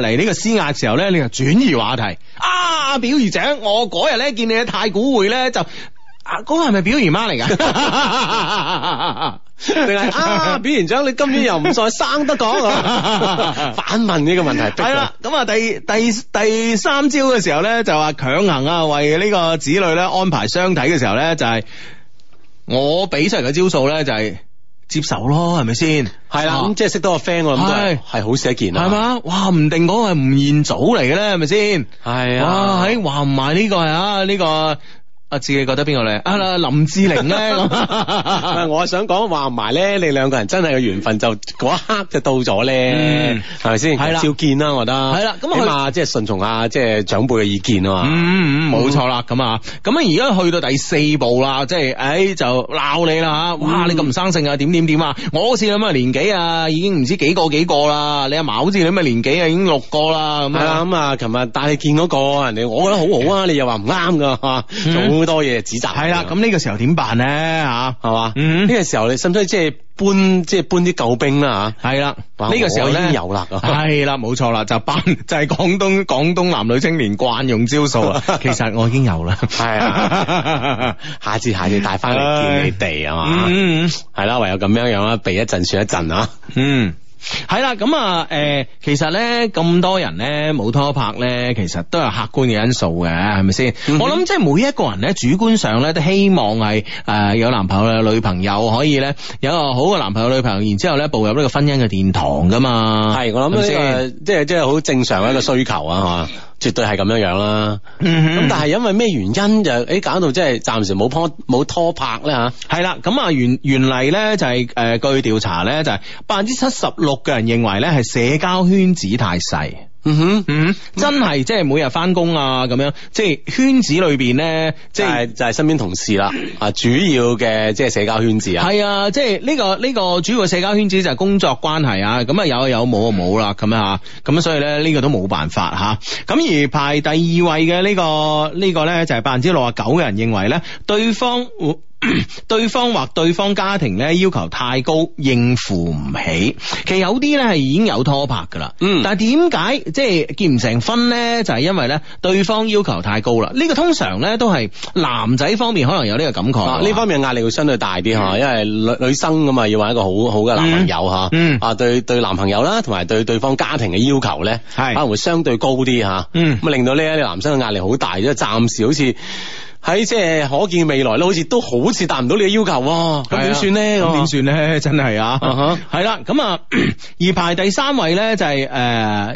嚟，呢個施壓嘅時候咧，你、這、就、個、轉移話題啊，表姨姐，我嗰日咧見你喺太古匯咧就。就嗰個係咪表姨媽嚟噶定係 啊，表姨長，你今年又唔再生得講、啊、 反問呢個問題係啦。咁啊、嗯，第第第三招嘅時候咧，就話強行啊，為呢個子女咧安排相睇嘅時候咧，就係、是、我俾出嚟嘅招數咧，就係、是、接受咯，係咪先？係啦了，咁、哦、即係識多個 friend，我諗都係、係好事一件。係嘛是？哇，唔定嗰個係吳彥祖嚟嘅咧，係咪先？係啊！喺嘿，話唔埋呢個係啊，呢個。這個這個這個我自己覺得邊個咧？啊，林志玲咧。 我係想講話埋咧，你兩個人真係嘅緣分就嗰一刻就到咗咧，係咪先？係啦，照見啦，我覺得。係啦，咁啊嘛，即係順從啊，即係長輩嘅意見啊嘛。嗯冇、嗯嗯嗯、錯啦。咁啊，咁啊，而家去到第四步啦，即係，唉、哎，就鬧你啦嚇。哇，你咁唔生性啊？點點點啊？我好似咁嘅年紀啊，已經唔知幾個幾個啦。你阿、啊、嫲好似咁嘅年紀啊，已經六個啦咁。係啦了，咁啊了，琴日帶你見嗰個人哋，我覺得好好啊，你又話唔啱㗎好多嘢指責，係啦，咁呢個時候點辦咧？吓，係嘛？嗯，呢個時候你使唔使即係搬，即係搬啲救兵啦？吓，係啦，呢個時候已經有啦，係啦，冇錯啦，就搬，就係廣東廣東男女青年慣用招數啊。其實我已經有啦，係，下次下次帶翻嚟見你哋啊嘛，係啦，唯有咁樣樣啦，避一陣算一陣啊。嗯。係啦，咁啊，誒、呃，其實咧，咁多人咧冇拖拍咧，其實都有客觀嘅因素嘅，係咪先？ 我諗即係每一個人咧，主觀上咧都希望係誒、呃、有男朋友、有女朋友，可以咧有一個好嘅男朋友、女朋友，然之後咧步入呢個婚姻嘅殿堂噶嘛。係， 我諗呢、這個 即係即係好正常一個需求啊，吓。 絕對係咁樣樣啦，咁、嗯嗯、但係因為咩原因就誒、哎、搞到即係暫時冇拖冇拖拍咧吓，係、啊、啦，咁啊原原嚟咧就係、是、誒、呃，據調查咧就係百分之七十六嘅人認為咧係社交圈子太細。嗯哼，嗯哼，真係即係每日翻工啊，咁樣即係圈子裏邊咧，即係就係、是就是、身邊同事啦，啊， 主要嘅即係社交圈子啊，係啊，即係呢、呢個呢、呢個主要嘅社交圈子就係工作關係啊，咁啊有啊，有冇啊冇啦咁樣吓，咁所以咧呢個都冇辦法吓，咁而排第二位嘅呢、呢個這個呢個咧就係百分之六啊九嘅人認為咧對方。哦 對方或對方家庭咧要求太高，應付唔起。其實有啲咧係已經有拖拍噶啦。嗯，但係點解即係結唔成婚咧？就係、是就是，因為咧對方要求太高啦。呢、這個通常咧都係男仔方面可能有呢個感覺。呢、啊、方面嘅壓力會相對大啲吓，嗯、因為女女生咁啊要揾一個好好嘅男朋友吓、嗯。嗯。啊，對對，男朋友啦，同埋對對方家庭嘅要求咧，係是可能會相對高啲吓。啊、嗯。咁令到呢一啲男生嘅壓力好大，即係暫時好似。喺即係可見未來咯，好似都好似達唔到你嘅要求、啊，咁點算咧？咁點算咧？真係啊！係啦、uh，咁、huh. 啊，而排第三位咧就係誒呢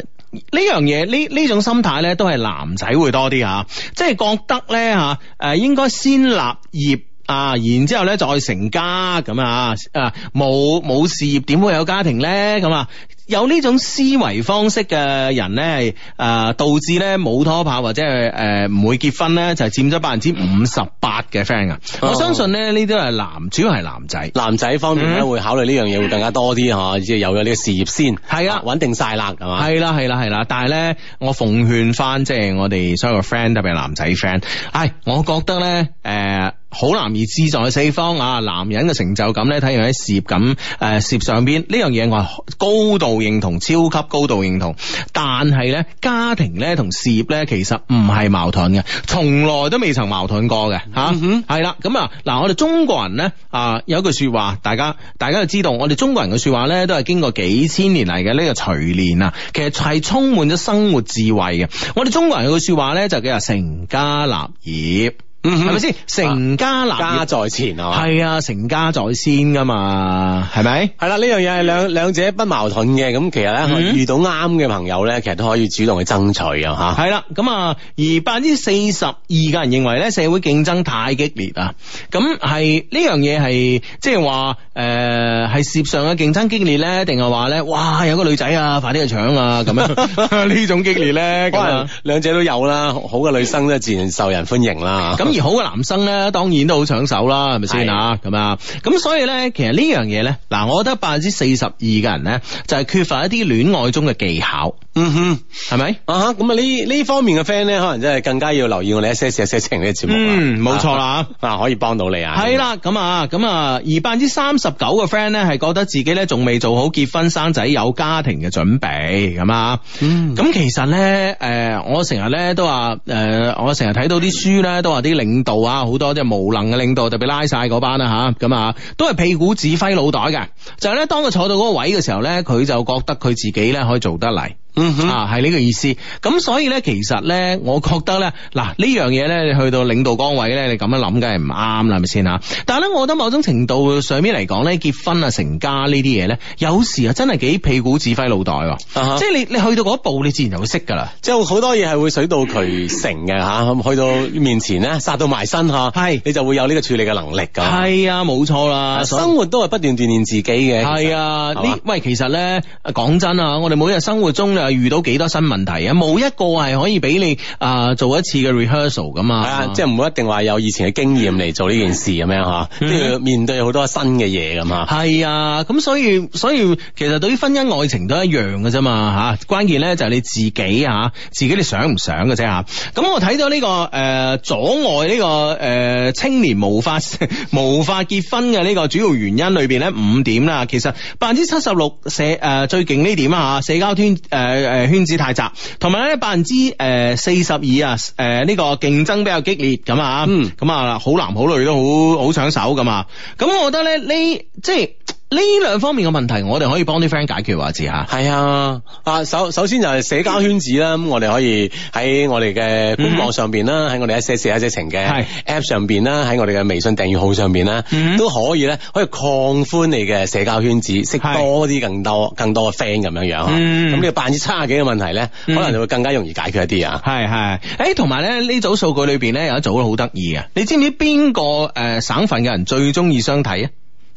樣嘢呢呢種心態咧都係男仔會多啲吓、啊，即係覺得咧吓誒應該先立業啊，然之後咧再成家咁啊啊冇冇事業點會有家庭咧咁啊？有呢種思維方式嘅人咧，係、呃、誒導致咧冇拖拍或者係誒唔會結婚咧，就係佔咗百分之五十八嘅 friend 啊！嗯、我相信咧呢啲係男主要係男仔，男仔方面咧、嗯、會考慮呢樣嘢會更加多啲吓，即係有咗呢個事業先係啊，穩、啊、定晒啦係嘛，係啦係啦係啦，但係咧我奉勸翻即係我哋所有嘅 friend，特別係男仔 friend，唉，我覺得咧誒。呃好難以志在四方啊！男人嘅成就感咧，睇住喺事業感，誒、呃，事業上邊呢樣嘢我高度認同，超級高度認同。但係咧，家庭咧同事業咧，其實唔係矛盾嘅，從來都未曾矛盾過嘅吓。係啦，咁啊，嗱、嗯嗯，我哋中國人咧啊，有一句說話，大家大家就知道，我哋中國人嘅說話咧，都係經過幾千年嚟嘅呢個錘煉啊。其實係充滿咗生活智慧嘅。我哋中國人嘅說話咧，就叫做成家立業。係咪先？成家立、啊、家在前啊。係、嗯、啊，成家在先噶嘛，係咪吧？係啦，呢樣嘢係兩兩者不矛盾嘅，咁其實咧、嗯、遇到啱嘅朋友咧，其實都可以主動去爭取啊，吓。係啦，咁啊，而百分之四十二嘅人認為咧，社會競爭太激烈啊，咁係呢樣嘢係即係話誒係涉上嘅競爭激烈咧，定係話咧哇有個女仔啊，快啲去搶啊咁樣 種呢種激烈咧， 可能兩者都有啦。好嘅女生咧自然受人歡迎啦，咁。 好嘅男生咧，當然都好搶手啦，係咪先啊？咁啊的，咁所以咧，其實呢樣嘢咧，嗱，我覺得百分之四十二嘅人咧，就係缺乏一啲戀愛中嘅技巧。嗯哼，係咪啊？吓咁啊？呢呢方面嘅 friend 咧，可能真係更加要留意我哋一些事一些情呢啲節目。嗯，冇錯啦，啊，啊可以幫到你的啊。係啦，咁啊，咁啊，而百分之三十九嘅 friend 咧，係覺得自己咧仲未做好結婚生仔有家庭嘅準備咁啊。咁、嗯啊、其實咧，誒、呃，我成日咧都話，誒、呃，我成日睇到啲書咧都話啲領導啊，好多即係無能嘅領導，特別拉晒嗰班啦吓。咁啊，啊，都係屁股指揮腦袋嘅，就係、是、咧當佢坐到嗰個位嘅時候咧，佢就覺得佢自己咧可以做得嚟。嗯啊，係呢個意思。咁所以咧，其實咧，我覺得咧，嗱呢樣嘢咧，你去到領導崗位咧，你咁樣諗，梗係唔啱啦，係咪先吓？但係咧，我覺得某種程度上面嚟講咧，結婚啊、成家呢啲嘢咧，有時啊，真係幾屁股指揮腦袋。啊，即係你你去到嗰一步，你自然就會識噶啦。即係好多嘢係會水到渠成嘅吓，去到面前咧，殺到埋身吓，係你就會有呢個處理嘅能力噶。係啊，冇錯啦，生活都係不斷鍛煉自己嘅。係啊，呢喂，其實咧，講真啊，我哋每日生活中咧。係遇到幾多新問題啊？冇一個係可以俾你啊做一次嘅 rehearsal 噶嘛，係啊，即係唔會一定話有以前嘅經驗嚟做呢件事咁樣吓，都要面對好多新嘅嘢咁啊。係啊，咁所以所以其實對於婚姻愛情都一樣嘅啫嘛，吓，關鍵咧就係你自己吓，自己你想唔想嘅啫吓。咁我睇到呢個誒、呃、阻礙呢個誒青年無法無法結婚嘅呢個主要原因裏邊咧五點啦，Therefore, 其實百分之七十六社誒最勁呢點啊，吓社交圈誒。誒誒，圈子太窄，同埋咧百分之誒四十二啊，誒、這、呢個競爭比較激烈咁啊，嗯，咁啊、嗯、好男好女都好好搶手噶嘛，咁我覺得咧呢你即係。呢兩方面嘅問題，我哋可以幫啲 friend 解決一次吓。係啊，首首先就係社交圈子啦。咁、嗯、我哋可以喺我哋嘅官網上邊啦，喺、嗯、我哋一些事一些情嘅 app 上邊啦，喺是我哋嘅微信訂閱號上邊啦，嗯、都可以咧，可以擴寬你嘅社交圈子，識多啲更多是更多嘅 friend 咁樣樣。咁呢個百分之七幾嘅問題咧，嗯、可能就會更加容易解決一啲啊。係係，誒，同埋咧呢組數據裏邊咧有一組好得意啊。你知唔知邊個誒省份嘅人最中意相睇啊？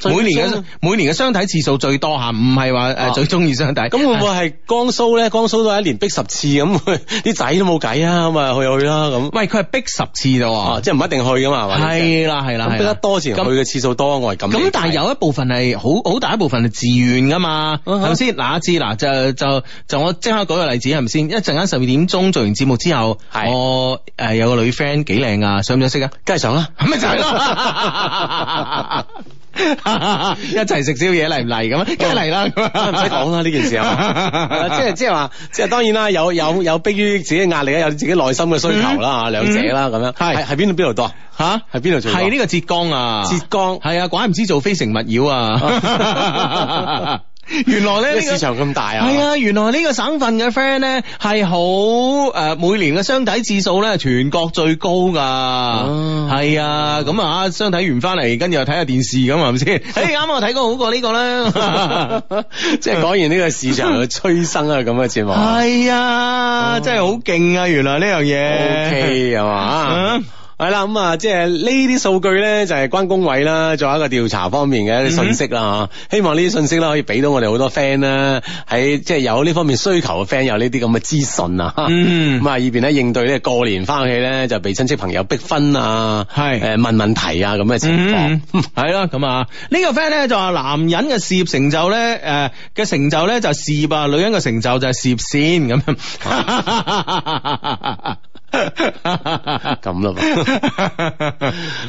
每年嘅每年嘅相睇次數最多吓，唔係話誒最中意相睇。咁會唔會係江蘇咧？江蘇都係一年逼十次咁，啲仔都冇計啊，咁啊去去啦咁。喂，佢係逼十次啫，即係唔一定去噶嘛。係咪？係啦係啦，逼得多自然去嘅次數多，我係咁。咁但係有一部分係好好大一部分係自願噶嘛，係咪先？嗱，我知嗱就就就我即刻舉個例子，係咪先？一陣間十二點鐘做完節目之後，我誒有個女 friend 幾靚啊，想唔想識啊？梗係想啦，咪就係咯。 一齊食宵夜嚟唔嚟咁？梗係嚟啦，唔使講啦呢件事啊，即係即係話，即係當然啦、就是，有有有迫於自己嘅壓力啊，有自己內心嘅需求啦，兩 者啦咁樣，係係邊度邊度多？吓、啊？係邊度做？係呢個浙江啊，浙江係 啊，怪唔知做非誠勿擾啊。 原來咧、這、呢個市場咁大係啊！原來呢個省份嘅 friend 咧係好誒、呃，每年嘅相睇次數咧全國最高噶，係啊！咁啊，相睇完翻嚟，跟住又睇下電視咁係咪先？誒，啱啱我睇過好過呢個啦， 即係講完呢個市場去催生啊咁嘅節目，係啊，啊真係好勁啊！原來呢樣嘢，OK 係嘛。 係啦，咁啊，即係呢啲數據咧，就係關工位啦，做一個調查方面嘅一啲信息啦，吓、mm，hmm. 希望呢啲信息咧可以俾到我哋好多 friend 啦。喺即係有呢方面需求嘅 friend 有呢啲咁嘅資訊啊，咁啊、mm，hmm. 以便咧應對咧過年翻去咧就被親戚朋友逼婚啊，係、mm，誒、hmm. 問問題啊咁嘅情況，係咯、mm，咁、hmm. 啊， 呢個 friend 咧就話男人嘅事業成就咧，誒、呃、嘅成就咧就係事業啊，女人嘅成就就係事業綫咁樣。 啊 咁啦，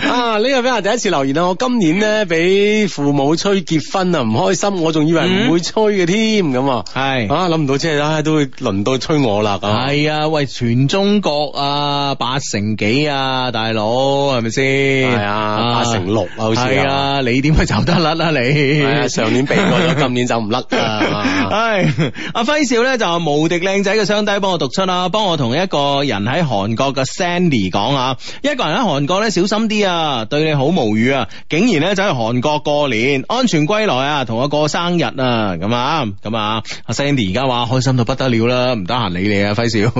啊呢個，俾我第一次留言啊！我今年咧俾父母催結婚啊，唔開心，我仲以為唔會催嘅添。咁啊，係啊諗唔到即係啊都會輪到催我啦，係啊喂，全中國啊八成幾啊大佬，係咪先？係啊八成六啊好似係啊，你點解走得甩啊？你係啊上年避過咗，今年走唔甩啦，係阿輝少咧就係無敵靚仔嘅雙低幫我讀出啦，幫我同一個人喺。韓國嘅 Sandy 講啊，一個人喺韓國咧小心啲啊，對你好無語啊，竟然咧走去韓國過年，安全歸來啊，同我過生日啊，咁啊咁啊，Sandy 而家話開心到不得了啦，唔得閒理你啊，輝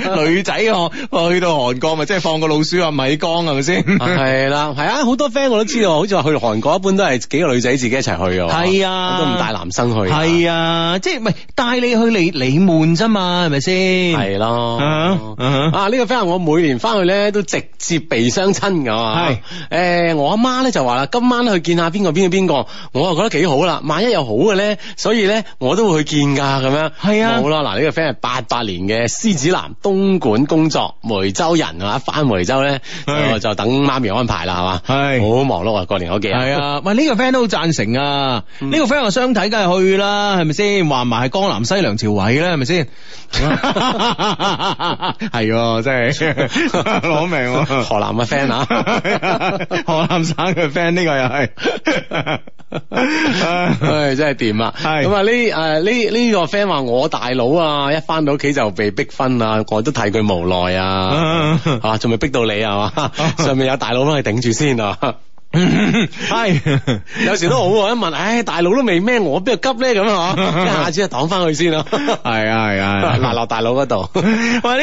少， 女仔去到韓國咪即係放個老鼠啊，米缸係咪先？係啦，係 啊，好、啊、多 friend 我都知道，好似話去韓國一般都係幾個女仔自己一齊去 啊，係啊，都唔帶男生去，係啊，啊即係唔係帶你去你你悶咋嘛，係咪先？係咯。Uh huh. 啊呢、這個 friend 我每年翻去咧都直接被相親噶。係是，誒、啊、我阿媽咧就話啦，今晚去見下邊個邊個邊個，我啊覺得幾好啦，萬一又好嘅咧，所以咧我都會去見噶，咁樣。係啊，好啦，嗱、啊、呢、這個 friend 係八八年嘅獅子男，東莞工作，梅州人啊，翻梅州咧是、啊、就等媽咪安排啦，係嘛，係是，好忙碌啊過年嗰幾日，係啊，喂呢、這個 friend 都好贊成啊，嗯、個是是呢個 friend 話相睇梗係去啦，係咪先？話埋係江南西梁朝偉咧，係咪先？ 係， 真係攞命！河南嘅 friend 啊，河 南省嘅 friend 呢個又係，唉、 哎，真係掂啊！係咁啊，呢誒呢呢個 friend 話我大佬啊，一翻到屋企就被逼婚啊，我都替佢無奈啊。 啊，仲未逼到你係、啊、嘛？ 上面有大佬幫你頂住先啊。係，有時都好一問，唉，大佬都未咩，我邊度急咧咁啊？一下子就擋翻去先咯。係啊係啊，嗱落大佬嗰度。喂，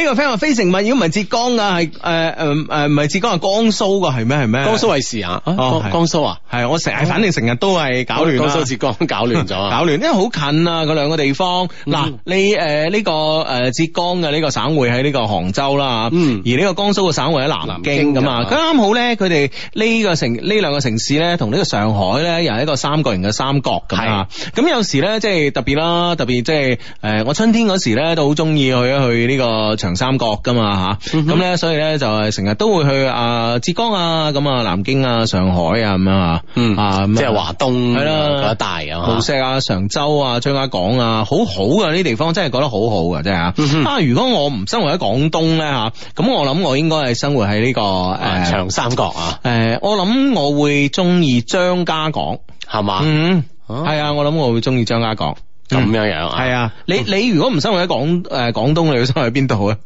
呢個 friend 話非誠勿擾唔係浙江噶，係誒誒誒唔係浙江，係江蘇噶，係咩係咩？江蘇衛視啊？江蘇啊？係我成日，反正成日都係搞亂江蘇浙江搞亂咗，搞亂，因為好近啊嗰兩個地方。嗱，你誒呢個誒浙江嘅呢個省會喺呢個杭州啦吓，而呢個江蘇嘅省會喺南南京咁啊。咁啱好咧，佢哋呢個城呢。兩個城市咧，同呢個上海咧，又係一個三角形嘅三角咁啊。咁有時咧，即係特別啦，特別即係誒，我春天嗰時咧都好中意去一去呢個長三角噶嘛嚇。咁咧，所以咧就係成日都會去啊浙江啊咁啊南京啊上海啊咁樣啊。啊，即係華東係啦，大啊，無錫啊常州啊張家港啊，好好噶呢啲地方，真係覺得好好噶，真係啊，啊，如果我唔生活喺廣東咧嚇，咁我諗我應該係生活喺呢個誒長三角啊。誒，我諗我。我會中意張家港，係嘛？嗯，係啊，啊，我諗我會中意張家港咁樣樣啊。係、嗯、啊，你你如果唔生活喺廣誒廣東，你會生活喺邊度啊？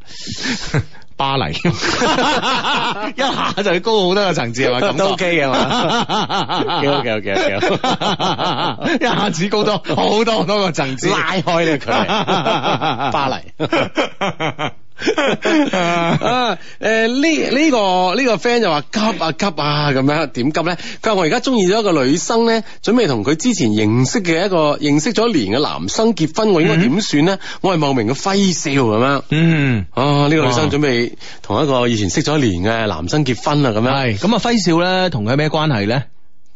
巴黎，一下就高好多個層次係嘛？都 OK 嘅嘛？幾好幾好幾好幾好，一下子高多好多多個層次，拉開呢個距離，巴黎。 啊誒，呢、這、呢個呢、這個 friend 就話急啊急啊咁樣，點急咧？佢話我而家中意咗一個女生咧，準備同佢之前認識嘅一個認識咗一年嘅男生結婚，我應該點算咧？嗯、我係茂名嘅輝少咁樣。嗯，啊呢、這個女生準備同一個以前識咗一年嘅男生結婚啦，咁樣。係咁啊，輝少咧同佢咩關係咧？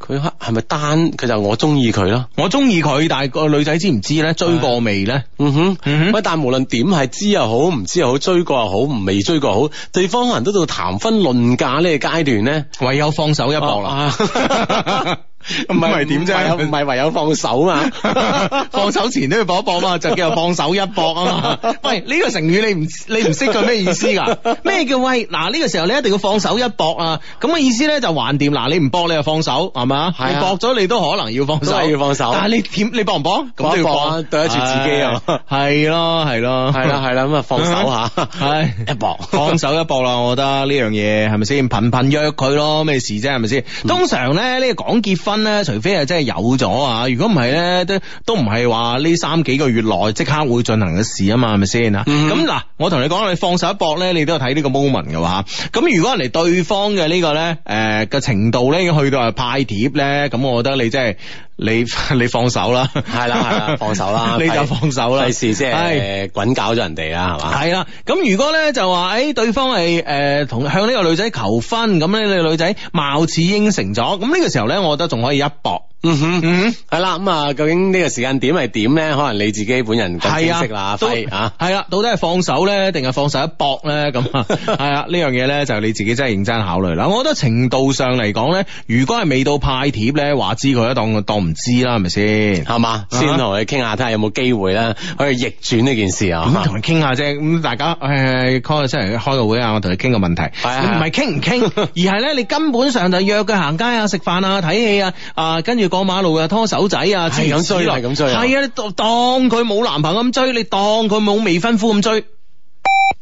佢黑係咪單？佢就我中意佢咯，我中意佢，但係個女仔知唔知咧？追過未咧？啊、嗯哼，嗯哼，喂！但係無論點係知又好，唔知又好，追過又好，唔未追過好，對方人都到談婚論嫁呢個階段咧，唯有放手一搏啦。啊啊 唔係為點啫？唔 係樂唯，唯有放手嘛？ 放手前都要搏一搏嘛？就叫做放手一搏啊嘛？喂，呢、這個成語你唔你唔識佢咩意思噶？咩叫喂？嗱呢、這個時候你一定要放手一搏啊！咁、那、嘅、個、意思咧就橫掂嗱，你唔搏你就放手係嘛？吧你搏咗你都可能要放手，真係要放手。但係你點？你搏唔搏？搏、啊、一搏對得住自己啊！係咯係咯係啦係啦，咁啊放手下，係一搏放手一搏啦！我覺得呢樣嘢係咪先頻頻約佢咯？咩事啫、啊？係咪先？通常咧呢個講結婚。除非係真係有咗啊！如果唔係咧，都都唔係話呢三幾個月內即刻會進行嘅事啊嘛，係咪先啊？咁嗱、mm hmm.，我同你講，你放手一搏咧，你都要睇呢個 moment 嘅話，咁如果嚟對方嘅呢、這個咧，誒、呃、嘅程度咧，已經去到係派帖咧，咁我覺得你真係。你你放手啦，係啦，係啦，放手啦， 你就放手啦，事先係滾搞咗人哋啦，係嘛的？係啦的，咁如果咧就話，誒，對方係誒同向呢個女仔求婚，咁咧呢個女仔貌似應承咗，咁呢個時候咧，我覺得仲可以一搏。嗯哼嗯哼，係啦咁啊，究竟呢個時間點係點咧？可能你自己本人咁清晰啦，阿輝啊，係啦，到底係放手咧，定係放手一搏咧？咁啊，係啊，呢樣嘢咧就你自己真係認真考慮啦。我覺得程度上嚟講咧，如果係未到派帖咧，話知佢啊，當當唔知啦，係咪先？係嘛，先同佢傾下，睇下有冇機會咧可以逆轉呢件事啊。咁同佢傾下啫，咁大家誒 call 即係開個會啊，我同佢傾個問題。係啊，唔係傾唔傾，而係咧你根本上就約佢行街啊、食飯啊、睇戲啊啊，跟住。過馬路呀，拖手仔啊，係咁追，係咁追，係啊！啊你當當佢冇男朋友咁追，你當佢冇未婚夫咁追。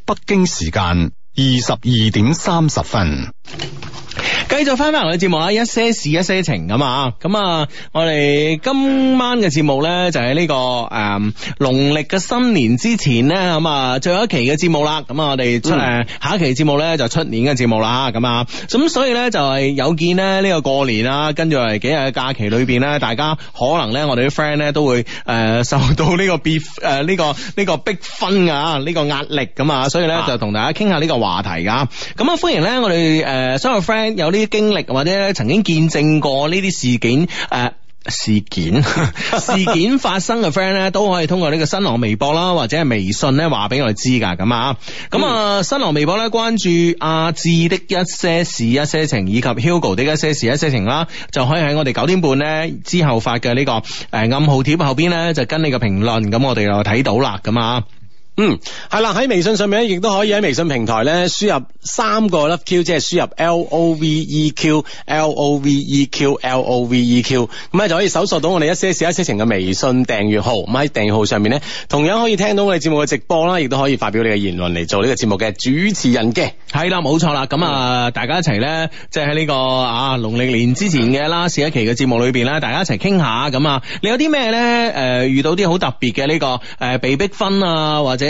北京時間二十二點三十分。繼續翻翻嚟嘅節目啊，一些事一些情咁啊，咁啊，我哋今晚嘅節目咧就係呢、這個誒，農曆嘅新年之前咧咁啊，最後一期嘅節目啦，咁啊，我哋出誒、呃、下一期節目咧就出、是、年嘅節目啦，吓咁啊，咁所以咧就係、是、有見咧呢、這個過年啊，跟住係幾日嘅假期裏邊咧，大家可能咧我哋啲 friend 咧都會誒、呃、受到呢個逼誒呢個呢、這個逼婚啊，呢、這個壓力咁啊，所以咧就同大家傾下呢個話題噶，咁啊，啊歡迎咧我哋誒、呃、所有 friend 有呢、這個。啲經歷或者曾經見證過呢啲事件誒、呃、事件 事件發生嘅 friend 咧，都可以通過呢個新浪微博啦，或者係微信咧，話俾我哋知噶咁啊。咁啊，新浪微博咧關注阿志的一些事、一些情，以及 Hugo 的一些事、一些情啦，就可以喺我哋九點半咧之後發嘅呢個誒暗號貼後邊咧，就跟你嘅評論咁，我哋就睇到啦咁啊。嗯，係啦，喺微信上面咧，亦都可以喺微信平台咧輸入三個 loveq，即係輸入 loveq、loveq、loveq，咁咧就可以搜索到我哋一些事一些情嘅微信訂閱號。咁喺訂閱號上面咧，同樣可以聽到我哋節目嘅直播啦，亦都可以發表你嘅言論嚟做呢個節目嘅主持人嘅。係啦，冇錯啦，咁啊、嗯呃，大家一齊咧，即係喺呢個啊農曆年之前嘅啦，試一期嘅節目裏邊咧大家一齊傾下咁啊，你有啲咩咧？誒、呃，遇到啲好特別嘅呢個誒、呃、被逼婚啊，或者～咧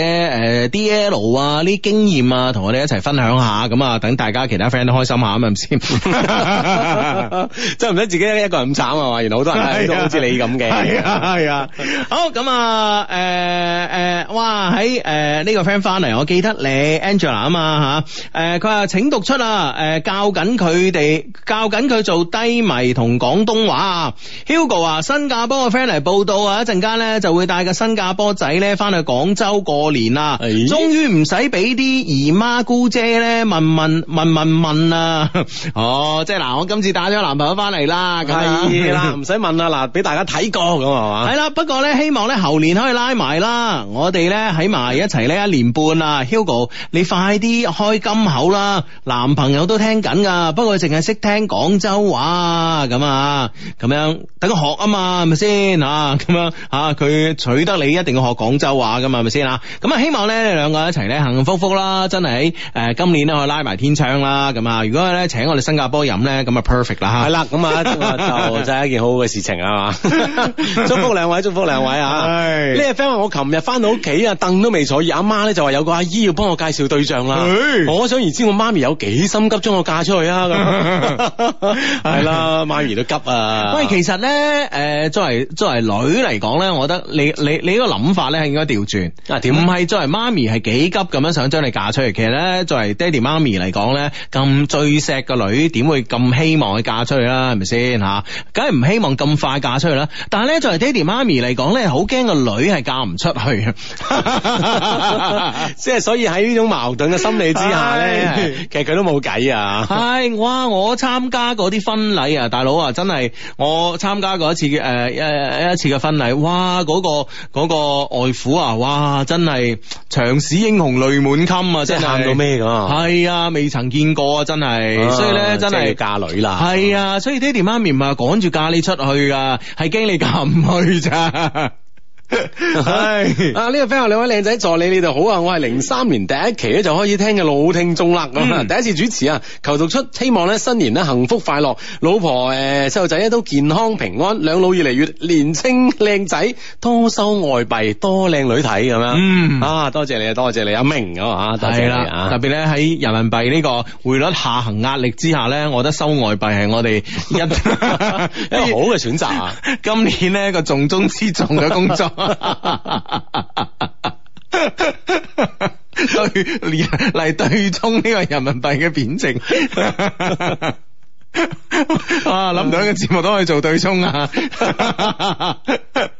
D.L. 啊，呢啲經驗啊，同我哋一齊分享下，咁啊，等大家其他 friend 都開心下，咁係咪先？真唔使自己一個人咁慘啊嘛！原來好多人都好似你咁嘅，係啊係啊。啊啊 好咁啊誒誒、呃呃，哇！喺誒呢個 friend 翻嚟，我記得你 Angela 嘛啊嘛嚇誒，佢話請讀出啊誒、呃，教緊佢哋教緊佢做低迷同廣東話啊。Hugo 啊，新加坡嘅 friend 嚟報道啊，一陣間咧就會帶個新加坡仔咧翻去廣州過年啦，哎、終於唔使俾啲姨媽姑姐咧問問問問問啦。問問啊、 哦，即係嗱，我今次帶咗男朋友翻嚟啦，係啦、啊，唔 使問啦。嗱，俾大家睇過咁啊嘛。係 啦，不過咧，希望咧猴年可以拉埋啦。我哋咧喺埋一齊呢一年半啦、啊。Hugo，你快啲開金口啦！男朋友都聽緊噶，不過淨係識聽廣州話咁啊。咁樣等佢學啊嘛，係咪先啊？咁樣嚇佢娶得你一定要學廣州話噶嘛，係咪先啊？咁啊，希望咧你兩個一齊咧，幸幸福福啦，真係誒、呃，今年咧可以拉埋天窗啦，咁啊，如果咧請我哋新加坡飲咧，咁啊 perfect 啦吓。係啦，咁啊就真係一件好好嘅事情啊嘛。祝福兩位，祝福兩位啊。呢個 friend 話我琴日翻到屋企啊，凳 都未坐，而阿媽咧就話有個阿姨要幫我介紹對象啦。是我想而知我媽咪有幾心急將我嫁出去啊。咁係啦，媽咪都急啊。喂， 其實咧誒、呃，作為作為女嚟講咧，我覺得你你你呢個諗法咧係應該調轉啊？點唔係作為媽咪係幾急咁樣想將你嫁出去，其實咧作為爹哋媽咪嚟講咧，咁最錫個女點會咁希望佢嫁出去啦？係咪先吓？梗係唔希望咁快嫁出去啦。但係咧作為爹哋媽咪嚟講咧，好驚個女係嫁唔出去，即係 所以喺呢種矛盾嘅心理之下咧， 其實佢都冇計啊。係 哇，我參加嗰啲婚禮啊，大佬啊，真係我參加過一次嘅誒誒一次嘅婚禮，哇、嗰個、嗰個外父啊，哇真係～係長使英雄淚滿襟啊！即係喊到咩咁？係啊，未曾見過啊，真係。所以咧，真係是嫁女啦。係啊，嗯、所以爹哋媽咪咪趕住嫁你出去噶，係驚你嫁唔去咋。係 啊！呢、這個 friend 兩位靚仔助理，你哋好啊！我係零三年第一期咧就開始聽嘅老聽眾啦。咁、嗯、第一次主持啊，求讀出，希望咧新年咧幸福快樂，老婆誒細路仔咧都健康平安，兩老越嚟越年輕靚仔，多收外幣，多靚女睇咁樣。嗯，啊多謝你啊，多謝你阿、啊、明啊，多謝你啊！特別咧喺人民幣呢個匯率下行壓力之下咧，我覺得收外幣係我哋 一 一個好嘅選擇啊！今年咧個重中之重嘅工作。 對嚟對沖呢個人民幣嘅貶值， 啊諗到一個節目都可以做對沖啊！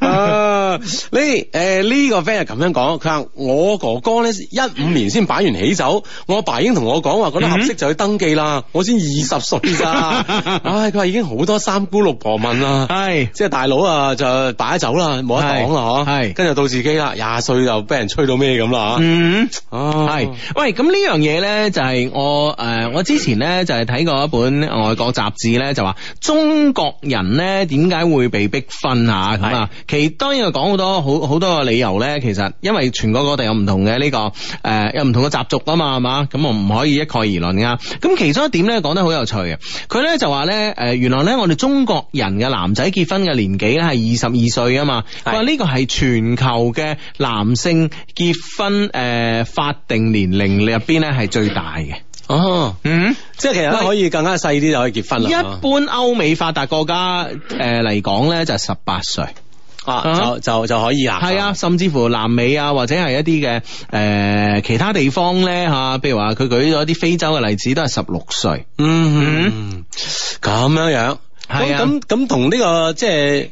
啊、 uh，呢誒呢個 friend 咁樣講，佢話我哥哥咧一五年先擺完喜酒。嗯、我阿爸已經同我講話覺得合適就要登記啦，嗯、我先二十歲咋，唉、 哎，佢話已經好多三姑六婆問啦，係是，即係大佬啊就擺酒啦，冇得講啦嗬，係，跟住到自己啦，廿歲就俾人吹到咩咁啦，嗯，啊，係，喂，咁呢樣嘢咧就係、是、我誒、呃、我之前咧就係、是、睇過一本外國雜誌咧就話中國人咧點解會被逼婚啊？嗱，是其當然又講好，好多好好多個理由咧，其實因為全國各地有唔同嘅呢、這個，誒有唔同嘅習俗啊嘛，係嘛，咁我唔可以一概而論啊。咁其中一點咧講得好有趣嘅，佢咧就話咧，誒、呃、原來咧我哋中國人嘅男仔結婚嘅年紀咧係二十二歲啊嘛，佢話呢個係全球嘅男性結婚誒、呃、法定年齡入邊咧係最大嘅。哦，嗯，即係其實可以更加細啲就可以結婚啦。喂一般歐美發達國家誒，嚟講咧就係十八歲，啊，啊就就就可以啦。係啊，甚至乎南美啊或者係一啲嘅誒其他地方咧吓、啊，譬如話佢舉咗啲非洲嘅例子都係十六歲。嗯，咁樣、嗯嗯、樣，係咁咁同呢個即係。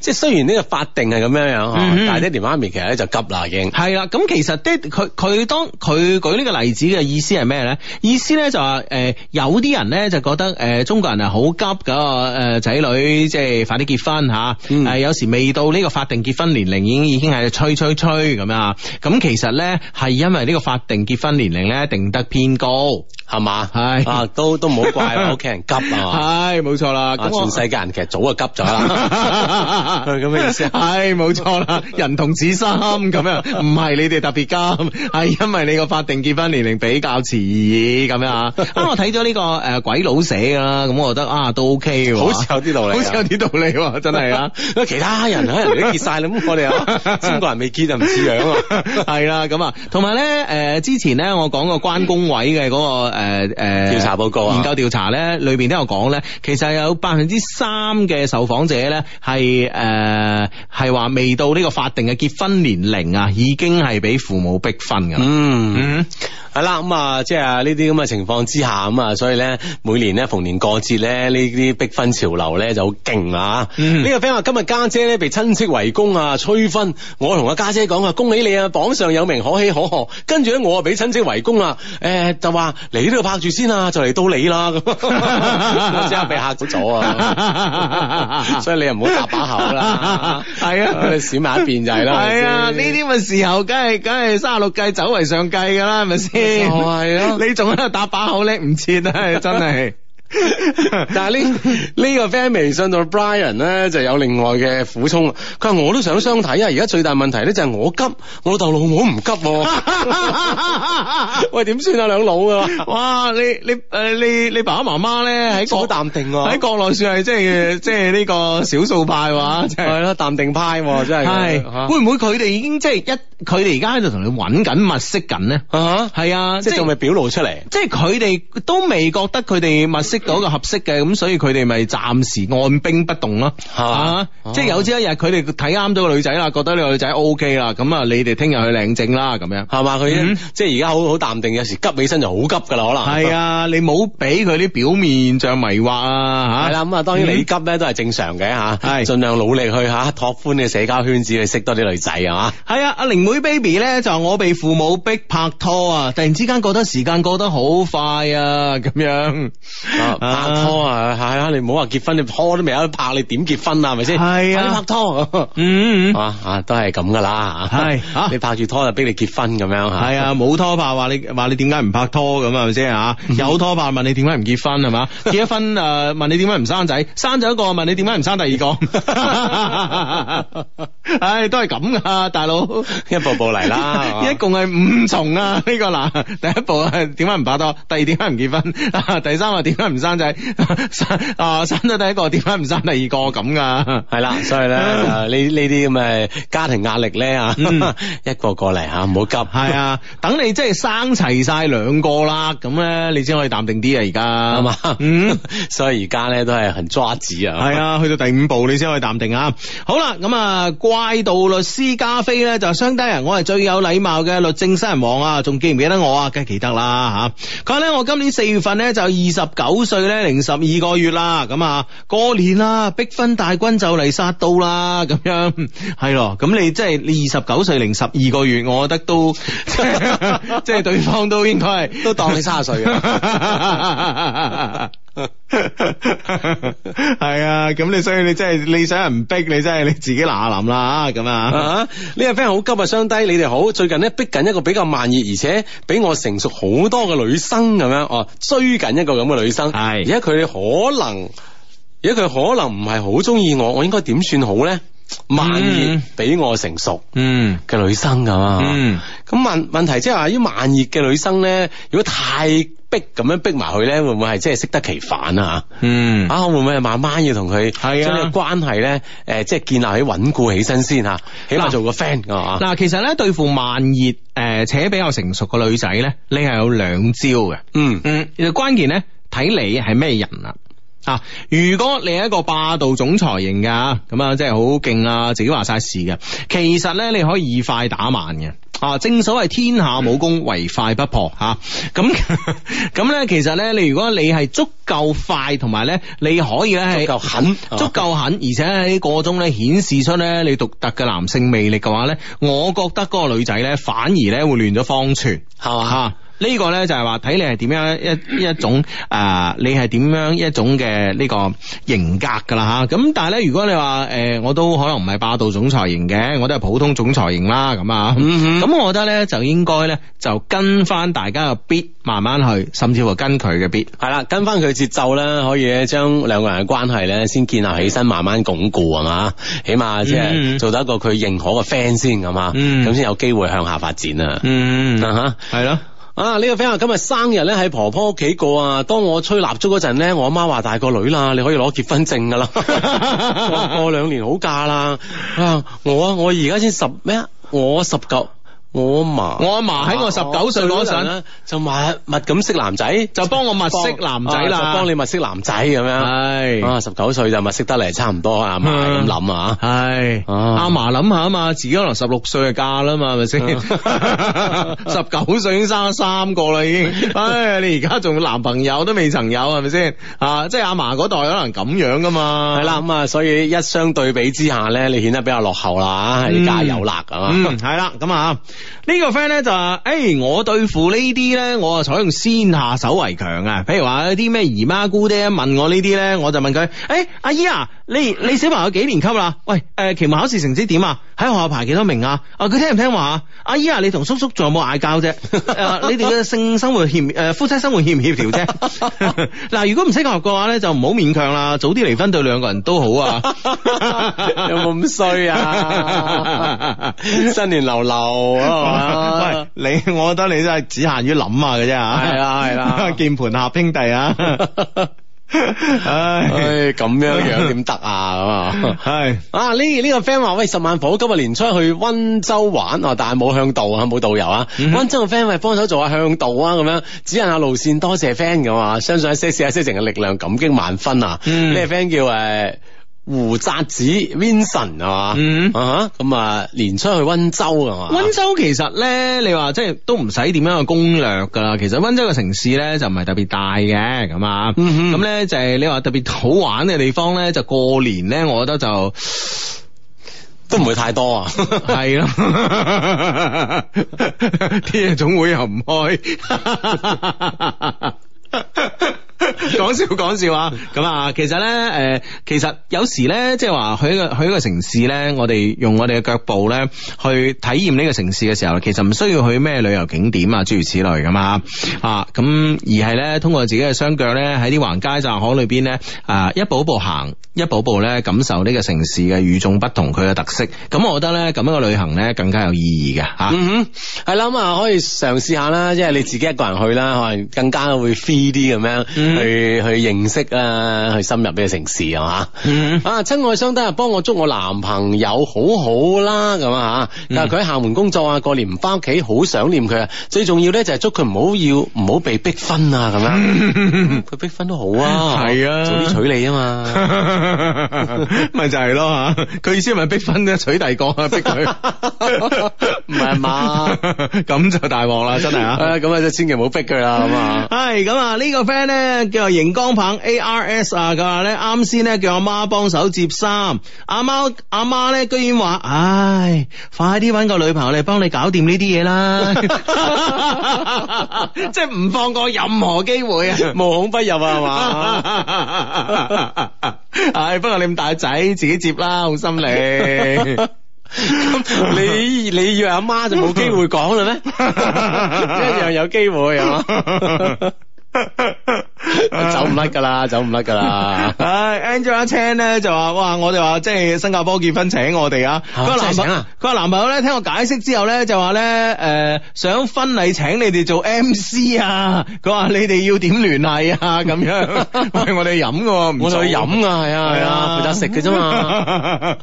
即係雖然呢個法定係咁樣樣，嗯、但係爹哋媽咪其實咧就急啦，已經係啦、啊。咁其實爹佢佢當佢舉呢個例子嘅意思係咩咧？意思咧就話、是、誒、呃，有啲人咧就覺得誒，中國人係好急㗎誒仔女，即係快啲結婚吓。誒、啊啊，有時未到呢個法定結婚年齡，已經已經係催催催咁啊。咁、嗯、其實咧係因為呢個法定結婚年齡咧定得偏高，係嘛吧？係啊，啊，都都唔好怪屋企人急啊。係冇錯啦，全世界人其實早就急咗啦。 咁嘅意思係冇錯啦，人同此心咁樣，唔係你哋特別監，係因為你個法定結婚年齡比較遲，咁樣。啊，我睇咗呢個誒鬼佬寫啦，咁我覺得啊都 OK 嘅，好似有啲道理，好似有啲道理，真係啊！其他人可能都結晒啦，咁我哋啊中國人未結就唔似樣，係啦咁啊。同埋咧，誒之前咧我講個關工委嘅嗰個誒誒調查報告啊，研究調查咧裏邊都有講咧，其實有百分之三嘅受訪者咧係。係誒，係話未到呢個法定嘅結婚年齡啊，已經係俾父母逼婚㗎喇。嗯，係啦，咁啊，即係呢啲咁嘅情況之下，咁啊，所以咧，每年咧逢年過節咧，呢啲逼婚潮流咧就好勁啊。呢個 friend 話今日家姐咧被親戚圍攻啊催婚，我同阿家姐講啊，恭喜你啊，榜上有名可喜可賀。跟住咧我啊俾親戚圍攻啊，誒就話你度拍住先啊，就嚟到你啦咁。我即刻俾吓咗，所以你又唔好把口啦，係啊，你閃埋一邊就係啦。係啊，呢啲咪時候，梗係梗係卅六計走為上計噶啦，係咪先？係 啊， 你仲喺度打把口，叻唔切啊，真係。 但係呢呢個 family 微信度 Brian 咧就有另外嘅苦衷。佢話我都想相睇，因而家最大問題咧就係、是、我急，我老豆老母唔急，喂點算啊兩老啊， 啊老哇你你誒你你，你爸爸媽媽咧喺好淡定喺國內算係即係即係呢個少數派話，係咯淡定派真係， 係會唔會佢哋已經即係一佢哋而家喺度同你搵緊物色緊呢？啊係啊即係仲未表露出嚟，即係佢哋都未覺得佢哋物色。到一個合適嘅咁，所以佢哋咪暫時按兵不動咯。吓，即係有朝一日佢哋睇啱咗個女仔啦，覺得呢個女仔 O K 啦，咁啊，你哋聽日去領證啦，咁樣係嘛？佢一即係而家好好淡定，有時急起身就好急噶啦，可能係啊。你冇俾佢啲表面像迷惑啊。係啦，咁啊，當然你急咧都係正常嘅吓，係盡量努力去吓拓寬你嘅社交圈子，去識多啲女仔係嘛。係啊，阿玲妹 baby 咧就我被父母逼拍拖啊，突然之間覺得時間過得好快啊，咁樣。啊、拍拖啊，係、哎、啊，你唔好話結婚，你拖都未有拍，你點結婚啊？係咪先？係啊，你拍拖、啊，嗯，嗯，嗯，啊，都係咁噶啦，係是，啊、你拍住拖就逼你結婚咁樣吓，係啊，冇、啊啊、拖拍話你話你點解唔拍拖咁啊？係咪先啊？有拖拍問你點解唔結婚係嘛？結咗婚誒問你點解唔生仔？生咗一個問你點解唔生第二個？唉，都係咁噶，大佬，一步步嚟啦， 一共係五重啊，呢、這個嗱，第一步係點解唔拍拖，第二點解唔結婚，第三啊點解？ 唔生仔，生啊生咗第一個，點解唔生第二個咁噶？係 啦，所以咧呢呢啲咁嘅家庭壓力咧啊，嗯、一個過嚟吓，唔好急。係啊， 等你真係生齊晒兩個啦，咁咧你先可以淡定啲、嗯、啊！而家啊嘛，所以而家咧都係很抓子啊。係啊，去到第五步你先可以淡定啊。好啦，咁、嗯、啊，怪盜律師加菲咧就相低人，我係最有禮貌嘅律政新人王啊！仲記唔記得我啊？梗係記得啦吓。佢話咧我，我今年四月份咧就二十九歲咧零十二個月啦，咁啊過年啦，逼婚大軍就嚟殺到啦，咁樣係咯，咁你即係你二十九歲零十二個月，我覺得都即係 對方都應該係都當你三十歲嘅。 係 啊，咁你所以你真係你想人唔逼你，真係你自己嗱臨啦吓咁啊！呢個 friend 好急啊，相低你哋好，最近呢逼緊一個比較慢熱而且比我成熟好多嘅女生咁樣哦，追緊一個咁嘅女生，係、啊，而家佢可能而家佢可能唔係好中意我，我應該點算好咧？慢熱比我成熟嗯，嗯嘅女生咁啊，咁問問題即係話啲慢熱嘅女生咧，如果太逼咁樣逼埋佢咧，會唔會係即係適得其反、嗯、啊？嗯，啊會唔會係慢慢要同佢係啊關係咧？誒、呃，即係建立起穩固起身先吓，起碼做個 friend 啊嗱，其實咧對付慢熱誒、呃、且比較成熟嘅女仔咧，你係有兩招嘅。嗯嗯，嗯，關鍵咧睇你係咩人啦。啊！如果你係一個霸道總裁型嘅咁啊，真係好勁啊，自己話晒事嘅。其實呢，你可以以快打慢嘅啊，正所謂天下武功、嗯、唯快不破吓。咁咁咧，其實呢，你如果你係足夠快，同埋呢，你可以呢係夠狠，足夠狠，啊、而且喺過程中呢顯示出呢，你獨特嘅男性魅力嘅話呢，我覺得嗰個女仔呢，反而呢會亂咗方寸，係嘛、啊。啊呢個咧，就係話睇你係點樣一一,一種誒、啊，你係點樣一種嘅呢、這個型格噶啦吓。咁但係咧，如果你話誒、呃，我都可能唔係霸道總裁型嘅，我都係普通總裁型啦。咁啊，咁、嗯、哼我覺得咧就應該咧就跟翻大家嘅 beat 慢慢去，甚至乎跟佢嘅 beat。係啦、嗯哼，跟翻佢節奏咧，可以咧將兩個人嘅關係咧先建立起身，慢慢鞏固啊嘛。起碼即係做到一個佢認可嘅 friend 先咁吓，咁先、嗯嗯、有機會向下發展啊。嗯啊吓，係咯、嗯。嗯啊！呢個 friend 啊今日生日咧，喺婆婆屋企過啊。當我吹蠟燭嗰陣咧，我阿媽話大個女啦，你可以攞結婚證噶啦， 過過兩年好嫁啦。啊我啊我而家先十咩啊？我十九。我阿嫲，我阿嫲喺我十九歲嗰陣咧，就密密咁識男仔，就幫我密識男仔啦，幫你密識男仔咁樣。係啊，十九歲就密識得嚟，差唔多阿嫲咁諗啊。係阿嫲諗下啊嘛，自己可能十六歲就嫁啦嘛，係咪先？十九歲已經生咗三個啦，已經。唉，你而家仲有男朋友都未曾有，係咪先？啊，即係阿嫲嗰代可能咁樣噶嘛。係啦，咁啊，所以一相對比之下咧，你顯得比較落後啦。你加油啦咁啊。嗯，係啦，咁啊。呢個 friend 咧就誒、是欸，我對付呢啲咧，我啊採用先下手為強啊。譬如話有啲咩姨媽姑爹問我呢啲咧，我就問佢：誒、欸，阿姨啊，你你小朋友幾年級啦？喂，誒、呃，期末考試成績點啊？喺、哎、學校排幾多名啊？啊，佢聽唔聽話啊？阿姨啊，你同叔叔仲有冇嗌交啫？ 你哋嘅性生活協誒、呃，夫妻生活協唔協調啫？嗱、 啊，如果唔識教育嘅話咧，就唔好勉強啦，早啲離婚對兩個人都好 有有啊。有冇咁衰啊？新年流流,流、啊。 喂，你我覺得你真係只限於諗下嘅啫，係啊係啦，鍵盤俠兄弟啊， 唉，咁唉樣樣點得啊咁啊，係啊呢呢個、這個、friend 話喂，十萬火今日年初去溫州玩，啊、但係冇向導啊，冇導遊啊，溫、嗯、州嘅 friend 喂幫手做下向導啊，咁樣指引下路線，多謝 friend 咁啊。」相信一些事一些情嘅力量，感激萬分啊，呢個 friend 叫誒。胡澤子 Vincent 係嘛？咁啊、嗯，年初，uh huh. 去溫州啊嘛？溫州其實咧，你話即係都唔使點樣去攻略噶啦。其實溫州嘅城市咧就唔係特別大嘅咁啊。咁咧，嗯、哼就係、是，你話特別好玩嘅地方咧，就過年咧，我覺得就都唔會太多啊。係咯，啲嘢總會又唔開。 講笑講笑啊！咁啊，其實咧，誒、呃，其實有時咧，即係話去一個去一個城市咧，我哋用我哋嘅腳步咧，去體驗呢個城市嘅時候，其實唔需要去咩旅遊景點啊，諸如此類噶嘛啊，咁而係咧，通過自己嘅雙腳咧，喺啲橫街窄巷裏邊咧啊，一步一步行，一步一步咧感受呢個城市嘅與眾不同，佢嘅特色。咁我覺得咧，咁樣嘅旅行咧，更加有意義嘅吓。啊、嗯哼，係啦，咁啊，可以嘗試下啦，即係你自己一個人去啦，可能更加會 free 啲咁樣。去去認識啊，去深入呢個城市啊嘛，啊，親愛相得啊，幫我祝我男朋友好好啦咁啊，但係佢喺廈門工作啊，過年唔翻屋企，好想念佢啊。最重要咧就係祝佢唔好要唔好被逼婚啊咁樣，佢逼婚都好啊，係啊，早啲娶你啊嘛，咪就係咯吓，佢意思係咪逼婚咧娶第二個啊，逼佢，唔係嘛，咁就大鑊啦，真係啊，咁啊，千祈唔好逼佢啦咁啊，係咁啊，呢個 friend 咧。叫阿熒光棒 ARS 啊！佢話咧啱先咧叫阿媽幫手接衫，阿媽阿媽咧居然話：唉，快啲搵個女朋友嚟幫你搞掂呢啲嘢啦！ 即係唔放過任何機會，無孔不入啊，係嘛？唉，不過你咁大仔，自己接啦，好心理 你。你以為阿媽就冇機會講啦咩？一 樣有機會啊！ 走唔甩噶啦，走唔甩噶啦。唉、 uh，Angela Chan 咧就話，哇，我哋話即係新加坡結婚請我哋啊。佢話、啊、男朋友，佢話、啊、男朋友咧聽我解釋之後咧就話咧，誒、呃，想婚禮請你哋做 MC 啊。佢話你哋要點聯繫啊？咁樣，喂 我哋飲噶， 我就去飲啊，係啊，係啊，負責食嘅啫嘛。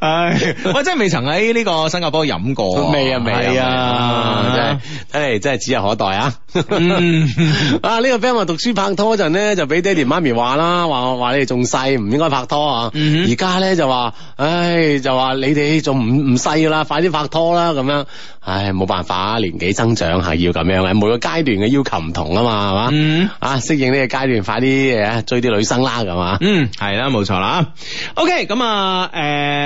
唉，我真係未曾喺呢個新加坡飲過，未啊未啊，真係睇嚟，真係指日可待啊、 嗯！ 啊呢、這個 friend 話讀書拍拖嗰陣咧，就俾爹哋媽咪話啦，話話你哋仲細，唔應該拍拖啊！而家咧就話，唉、哎、就話你哋仲唔唔細㗎啦，快啲拍拖啦咁樣。唉，冇辦法，年紀增長係要咁樣嘅，每個階段嘅要求唔同啊嘛，係嘛？嗯，啊適、嗯、應呢個階段，快啲啊追啲女生啦，咁啊，嗯，係啦，冇錯啦。OK，咁啊，誒。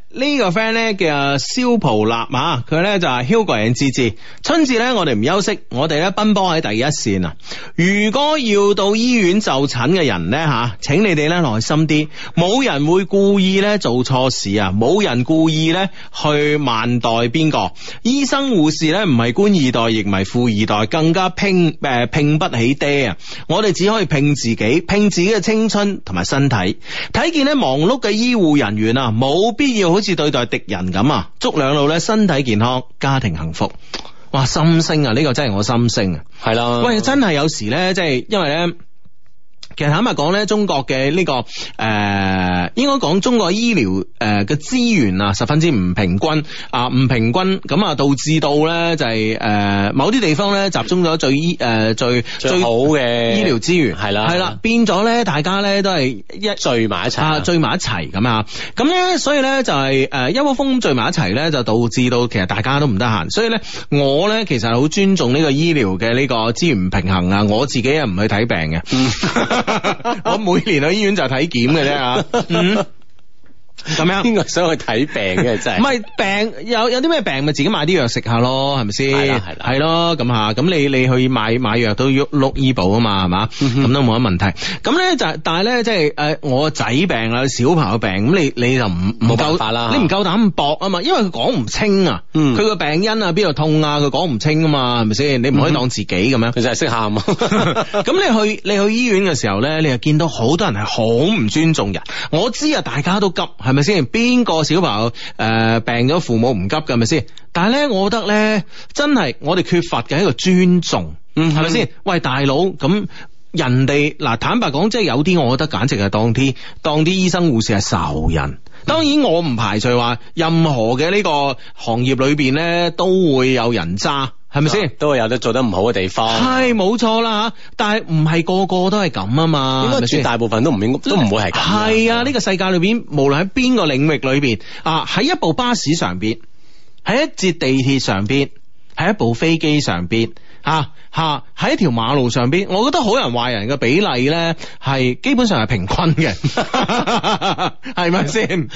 呢個 friend 咧，叫阿肖普立啊，佢咧就係香港人之志。春節咧我哋唔休息，我哋咧奔波喺第一線啊。如果要到醫院就診嘅人咧吓，請你哋咧耐心啲，冇人會故意咧做錯事啊，冇人故意咧去慢待邊個，醫生護士咧唔係官二代亦唔係富二代，更加拼誒拼不起爹啊！我哋只可以拼自己，拼自己嘅青春同埋身體。睇見咧忙碌嘅醫護人員啊，冇必要好。好似對待敵人咁啊！祝兩老咧身體健康，家庭幸福。哇，心聲啊，呢個真係我心聲啊，係啦的。喂，真係有時咧，即係因為咧。其實坦白講咧，中國嘅呢、這個誒、呃，應該講中國醫療誒嘅資源啊，十分之唔平均啊，唔平均咁啊，導致到咧就係誒，某啲地方咧集中咗最醫誒、呃、最最好嘅醫療資源係啦，係啦，啦，啦，變咗咧大家咧都係一聚埋一齊啊，聚埋一齊咁啊，咁咧所以咧就係誒一窩蜂聚埋一齊咧，就導致到其實大家都唔得閒，所以咧我咧其實好尊重呢個醫療嘅呢個資源唔平衡啊，我自己啊唔去睇病嘅。 我每年去醫院就係體檢嘅啫嚇。 嗯咁樣，邊個想去睇病嘅真係，唔係病有有啲咩病咪自己買啲藥食下咯，係咪先？係啦，係啦，係咯，咁吓，咁你你去買買藥都要碌醫保啊嘛，係嘛？咁都冇乜問題。咁咧就但係咧即係誒，我仔病啦，小朋友病，咁你你就唔冇辦法啦，你唔夠膽搏啊嘛，因為佢講唔清啊，佢個病因啊，邊度痛啊，佢講唔清啊嘛，係咪先？你唔可以當自己咁樣，佢就係識喊啊。咁你去你去醫院嘅時候咧，你又見到好多人係好唔尊重人。我知啊，大家都急。係咪先？邊個小朋友誒病咗，父母唔急噶？係咪先？但係咧，我覺得咧，真係我哋缺乏嘅一個尊重。嗯哼，係咪先？喂，大佬，咁人哋嗱，坦白講，即係有啲，我覺得簡直係當啲當啲醫生護士係仇人。嗯、當然，我唔排除話任何嘅呢個行業裏邊咧，都會有人渣。係咪先？都會有得做得唔好嘅地方。係，冇錯啦。但係唔係個個都係咁啊嘛。應該算大部分都唔應該，係咪先，都唔會係咁。係啊，呢吧個世界裏邊，無論喺邊個領域裏邊啊，喺一部巴士上邊，喺一節地鐵上邊，喺一部飛機上邊。吓吓喺一條馬路上邊，我覺得好人壞人嘅比例咧係基本上係平均嘅 是，係咪先？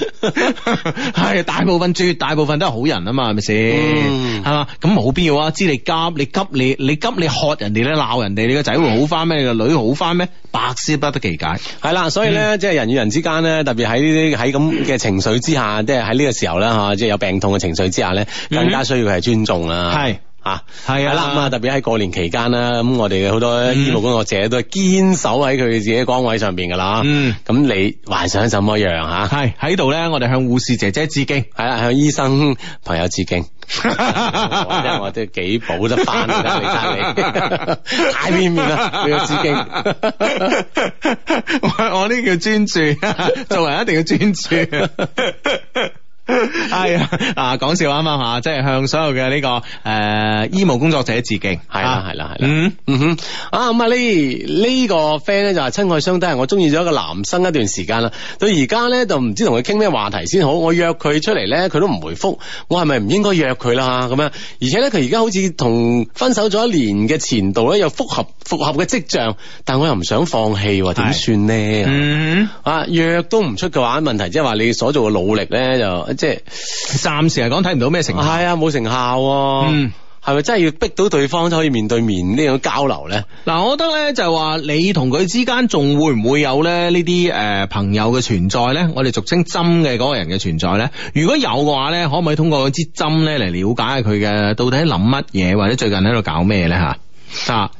係大部分絕大部分都係好人啊嘛，係咪先？係嘛、嗯？咁冇、啊、必要啊！知你急你急你你急，你，急，你，急你喝人哋咧，鬧人哋，你個仔會好翻咩？是你個女好翻咩？百思不得其解。係啦，所以咧即係人與人之間咧，特別喺呢啲喺咁嘅情緒之下，即係喺呢個時候咧吓，即係有病痛嘅情緒之下咧，更加需要係尊重啊、嗯。係是。.啊，係的啊，啦，咁啊，特別喺過年期間啦，咁、嗯、我哋好多醫務工作者都係堅守喺佢自己崗位上邊噶啦，嗯，咁你幻想什麼樣吓？係喺度咧，我哋向護士姐，姐姐致敬，係啦，向醫生朋友致敬，我係我真係幾保得翻啊，你讚你，太片面啊，你要致敬，我我呢叫專注，做人一定要專注。 係 啊、哎，啊講笑啦，嘛，下即係向所有嘅呢、這個誒、呃、醫務工作者致敬。係、啊、啦，係啦，係啦。嗯嗯哼，啊咁啊呢呢個 friend 咧就話親愛相低，我中意咗一個男生一段時間啦，到而家咧就唔知同佢傾咩話題先好。我約佢出嚟咧，佢都唔回覆。我係咪唔應該約佢啦？咁、啊、樣而且咧，佢而家好似同分手咗一年嘅前度咧，有復合復合嘅跡象，但我又唔想放棄，點、啊、算呢？嗯啊，約都唔出嘅話，問題即係話你所做嘅努力咧就。即係暫時嚟講睇唔到咩成效，係啊，冇成效，嗯，係咪真係要逼到對方就可以面對面呢樣交流咧？嗱、嗯，我覺得咧就係話你同佢之間仲會唔會有咧呢啲誒朋友嘅存在咧？我哋俗稱針嘅嗰個人嘅存在咧，如果有嘅話咧，可唔可以通過支針咧嚟了解下佢嘅到底諗乜嘢或者最近喺度搞咩咧吓？啊！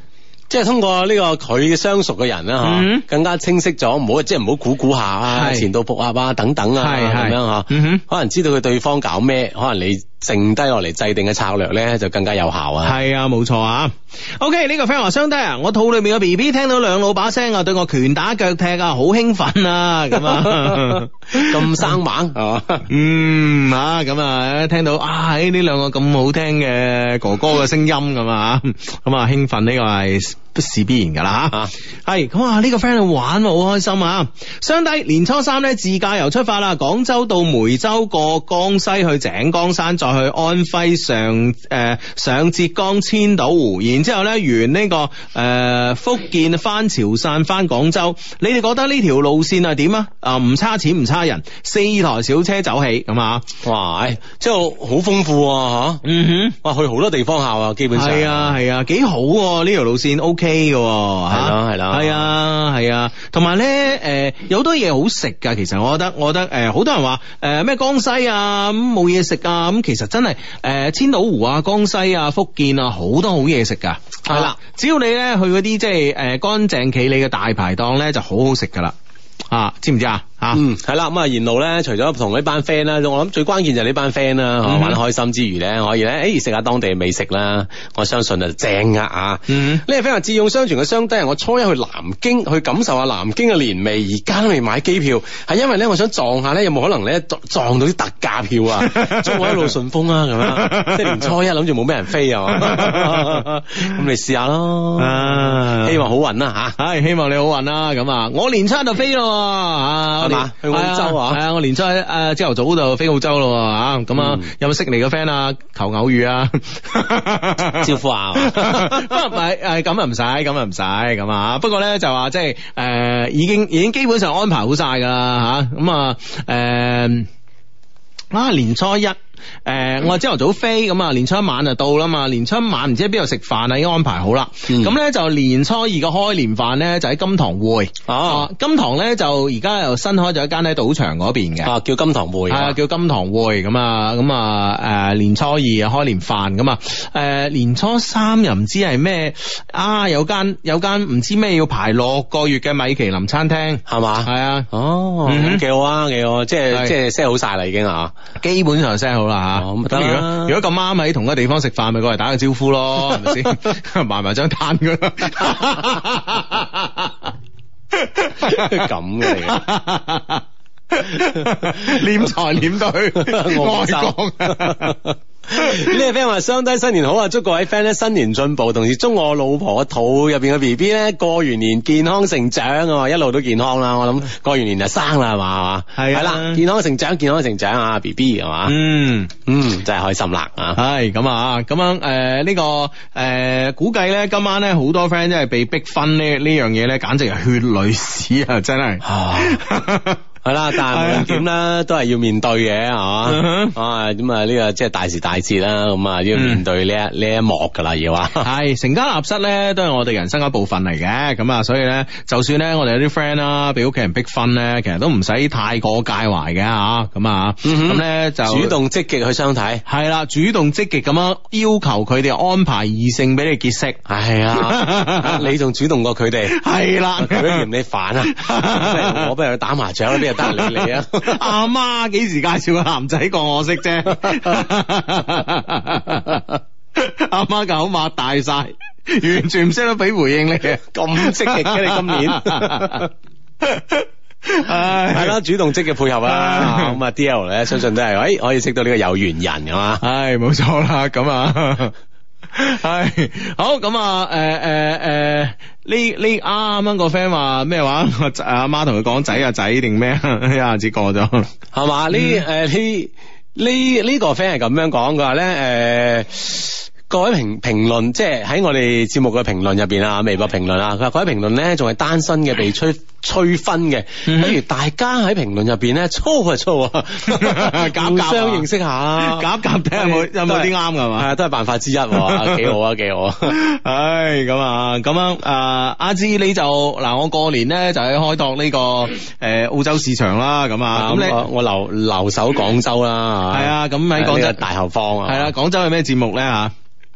即係通過呢個佢相熟嘅人啦，吓、mm hmm. 更加清晰咗，唔好即係唔好估估下是啊，前度復合啊等等啊，咁是樣吓，mm hmm. 可能知道佢對方搞咩，可能你。剩低落嚟制定嘅策略咧，就更加有效啊！係啊，冇錯啊。O K，呢個 friend 話，兄弟啊，我肚裏面個 B B 聽到兩老把聲啊，對我拳打腳踢啊，好興奮啊，咁啊，咁 生猛、 嗯、啊，嗯啊，咁啊，聽到啊呢兩個咁好聽嘅哥哥嘅聲音咁啊，咁啊，啊興奮呢個係。不是必然噶啦吓，係咁啊！呢、這個 friend 喺度玩，好開心啊！兄弟，年初三咧，自駕遊出發啦，廣州到梅州過江西去井岡山，再去安徽上誒、呃、上浙江千島湖，然之後咧，沿呢、這個誒、呃、福建翻潮汕，翻廣州。你哋覺得呢條路線係點啊？啊、呃、唔差錢唔差人，四台小車走起咁啊！哇，即係好豐富吓，嗯哼，哇，去好多地方下啊，基本上係啊係啊，幾、啊、好呢條路線，OK。K 嘅係咯，係啦，係啊，係啊，同埋咧誒有好多嘢好食噶。其實我覺得我覺得誒，好多人話誒咩江西啊咁冇嘢食啊，咁，其實真係誒千島湖啊江西啊、福建啊好多好嘢食噶。係啦，只要你咧去嗰啲，即係誒乾淨企理嘅大排檔咧就好好食噶啦。啊，知唔知啊？啊，嗯，係啦，咁啊，沿路咧，除咗同呢班 friend 啦，我諗最關鍵就呢班 friend 啦，玩開心之餘咧，可以咧，誒，食下當地嘅美食啦，我相信啊，正噶啊，呢位非 r i e n d 話智勇雙全嘅商低，我初一去南京去感受下南京嘅年味，而家都未買機票，係因為咧，我想撞下咧，有冇可能咧撞撞到啲特價票啊？祝我一路順風啊，咁啊，即係年初一諗住冇咩人飛啊咁你試下咯，希望好運啦吓，希望你好運啦，咁啊，我年餐就飛啦，啊。去澳洲啊？係 音 descript 啊，我年初一誒朝頭早就飛澳洲咯嚇，咁啊、嗯、有冇識你嘅 friend 啊？求，求偶遇啊？招呼啊？唔係誒咁啊唔使，咁啊唔使咁啊。不過咧就話即係誒已經已經基本上安排好晒㗎啦吓，咁啊誒啊年初一。誒、呃，我係朝頭早飛咁啊，年初一晚就到啦嘛。年初一晚唔知喺邊度食飯啊，已經安排好啦。咁咧、嗯、就年初二嘅開年飯咧，就喺金堂會。哦、啊呃，金堂咧就而家又新開咗一間喺賭場嗰邊嘅，啊叫金堂會、啊，係啊、嗯、叫金堂會。咁啊咁啊誒，年初二開年飯咁啊，誒、呃，年初三又唔知係咩啊？有間有間唔知咩要排六個月嘅米其林餐廳係嘛？係吧啊，哦，幾、嗯、哼好啊，幾好，即係對 即係 set 好晒啦已經啊，基本上 set 好。好、啊、啦嚇，咁啊得啦。如果咁啱喺同一個地方食飯，咪過嚟打個招呼咯，係咪先？埋埋張單㗎，咁嘅嚟嘅，念才念對，外江。呢個 friend 話雙低新年好啊，祝各位 friend 咧新年進步，同時祝我老婆個肚入邊個 B B 咧過完年健康成長啊，一路都健康啦。我諗過完年就生啦，係嘛係嘛，係啦，啊，健康成長，健康成長啊，B B 係嘛，嗯嗯，真係開心啦啊，係咁啊，咁樣誒呢個誒估計咧今晚咧好多 friend 真係被逼婚呢，呢樣嘢咧簡直係血淚史啊，真係。係啦，但係無論點啦，都係要面對嘅，係啊，咁啊，呢個即係大時大節啦，咁啊，要面對呢一呢一幕噶啦，要話係成家立室咧，都係我哋人生一部分嚟嘅。咁啊，所以咧，就算咧，我哋有啲 friend 啦，俾屋企人逼婚咧，其實都唔使太過介懷嘅，吓，咁啊，咁咧就主動積極去相睇，係啦，主動積極咁樣要求佢哋安排異性俾你結識，係啊，你仲主動過佢哋，係啦，佢嫌你煩啊，我不如去打麻雀得嚟 你啊！ 阿媽幾時介紹個男仔過我識啫？阿媽就好擘大晒，完全唔識得俾回應你嘅。咁積極嘅你今年，係係啦，主動積極配合啊！咁 啊，D L 咧，相信都係誒，哎、可以識到呢個有緣人噶嘛？ 唉，冇錯啦，咁啊。 係好咁啊！誒誒誒，呢呢啱啱個 friend 話咩話？阿阿媽同佢講仔啊仔定咩啊？一下子 過咗係嘛？呢誒呢呢呢個 friend 係咁樣講嘅咧誒。呃各位評評論，即係喺我哋節目嘅評論入邊啊，微博評論啊，佢話各位評論咧仲係單身嘅被吹吹分嘅，不如大家喺評論入邊咧粗就粗，啊，互相認識下，夾夾睇下冇有冇啲啱噶嘛？係啊，都係辦法之一，幾好啊，幾好。啊。唉，咁啊，咁樣啊，阿芝，你就嗱，我過年咧就喺開拓呢個誒澳洲市場啦。咁咁，我我留留守廣州啦，係啊。咁喺廣州大後方啊。係啊，廣州有咩節目咧吓？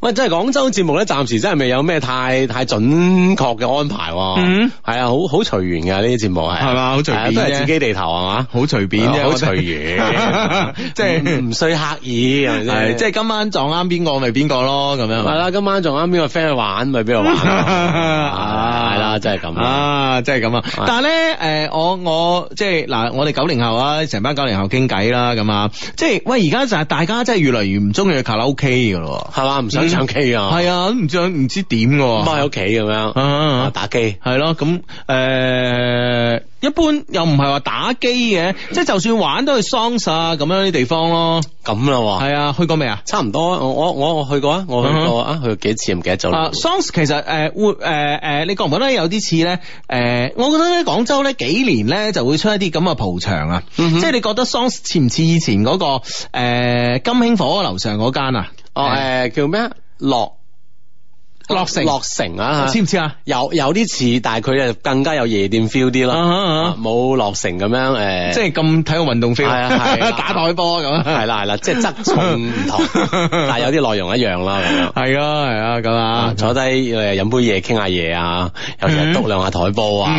喂，真、就、係、是、廣州節目咧，暫時真係未有咩太太準確嘅安排，係啊，好好隨緣嘅呢啲節目係，係、hmm. 嘛，好隨便啫，便哎、自己地頭係嘛，好、啊、隨便好、啊、隨緣，即係唔需刻意，即係今晚撞啱邊個咪邊個咯咁樣，係啦，今晚撞啱邊個 friend 去玩咪邊個玩，係啦，真係咁啊，真係咁啊，但係咧誒，我我即係嗱，我哋九零後啊，成班九零後傾偈啦，咁啊，即係喂，而家就係大家即係越嚟越唔中意去卡拉 OK 嘅咯，係嘛， 唔～嗯、想唱 K 啊？係啊，唔知唔知點噶、啊，踎喺屋企咁樣，啊、打機係咯。咁誒、啊呃，一般又唔係話打機嘅，即係就算玩都去 songs 啊咁樣啲地方咯。咁啦、啊，係啊，去過未啊？差唔多，我我我去過、啊，我去過啊，去過幾次唔記得咗。songs、uh, 其實誒會誒誒，你覺唔覺得有啲似咧？誒、呃，我覺得咧廣州咧幾年咧就會出一啲咁嘅蒲場啊，即係、嗯、哼你覺得 songs 似唔似以前嗰、那個誒、呃、金興火鍋樓上嗰間啊？哦，誒，叫咩啊？樂。樂城，樂城啊，似唔似啊？有有啲似，但係佢又更加有夜店 feel 啲咯，冇樂城咁樣誒，即係咁體育運動 feel 啊，打台波咁啊，係啦係啦，即係側重點唔同，但係有啲內容一樣啦咁樣。係啊係啊咁啊，坐低誒飲杯嘢，傾下嘢啊，有時督兩下台波啊，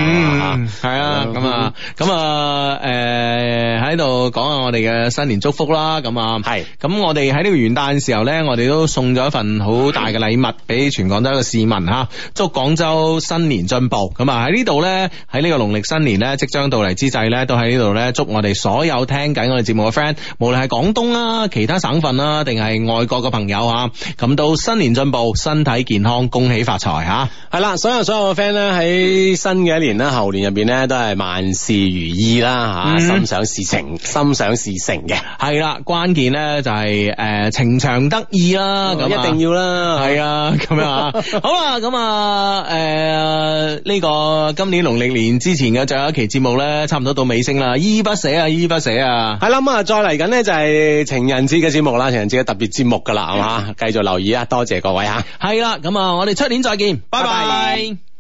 係啊咁啊咁啊誒喺度講下我哋嘅新年祝福啦，咁啊係，咁我哋喺呢個元旦嘅時候咧，我哋都送咗一份好大嘅禮物俾全國。廣州嘅市民哈，祝廣州新年進步。咁啊喺呢度咧，喺呢個農曆新年咧即將到嚟之際咧，都喺呢度咧祝我哋所有聽緊我哋節目嘅 friend，無論係廣東啦、其他省份啦，定係外國嘅朋友啊，咁到新年進步，身體健康，恭喜發財吓。係啦，所有所有嘅 friend 咧喺新嘅一年啦，猴年入邊咧都係萬事如意啦吓，心想事成，心想事成嘅。係啦，關鍵咧就係誒情場得意啦，咁啊一定要啦，係啊咁樣。 好啦，咁啊，誒、嗯，呢、這個今年農曆年之前嘅最後一期節目咧，差唔多到尾聲啦，依依不捨啊，依依不捨啊，係啦，咁 啊、嗯，再嚟緊咧就係情人節嘅節目啦，情人節嘅特別節目噶啦，係嘛、啊，繼續留意啊，多謝各位吓，係啦，咁 啊、嗯嗯嗯嗯，我哋出年再見，拜拜 Bye bye。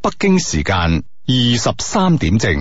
北京時間二十三點正。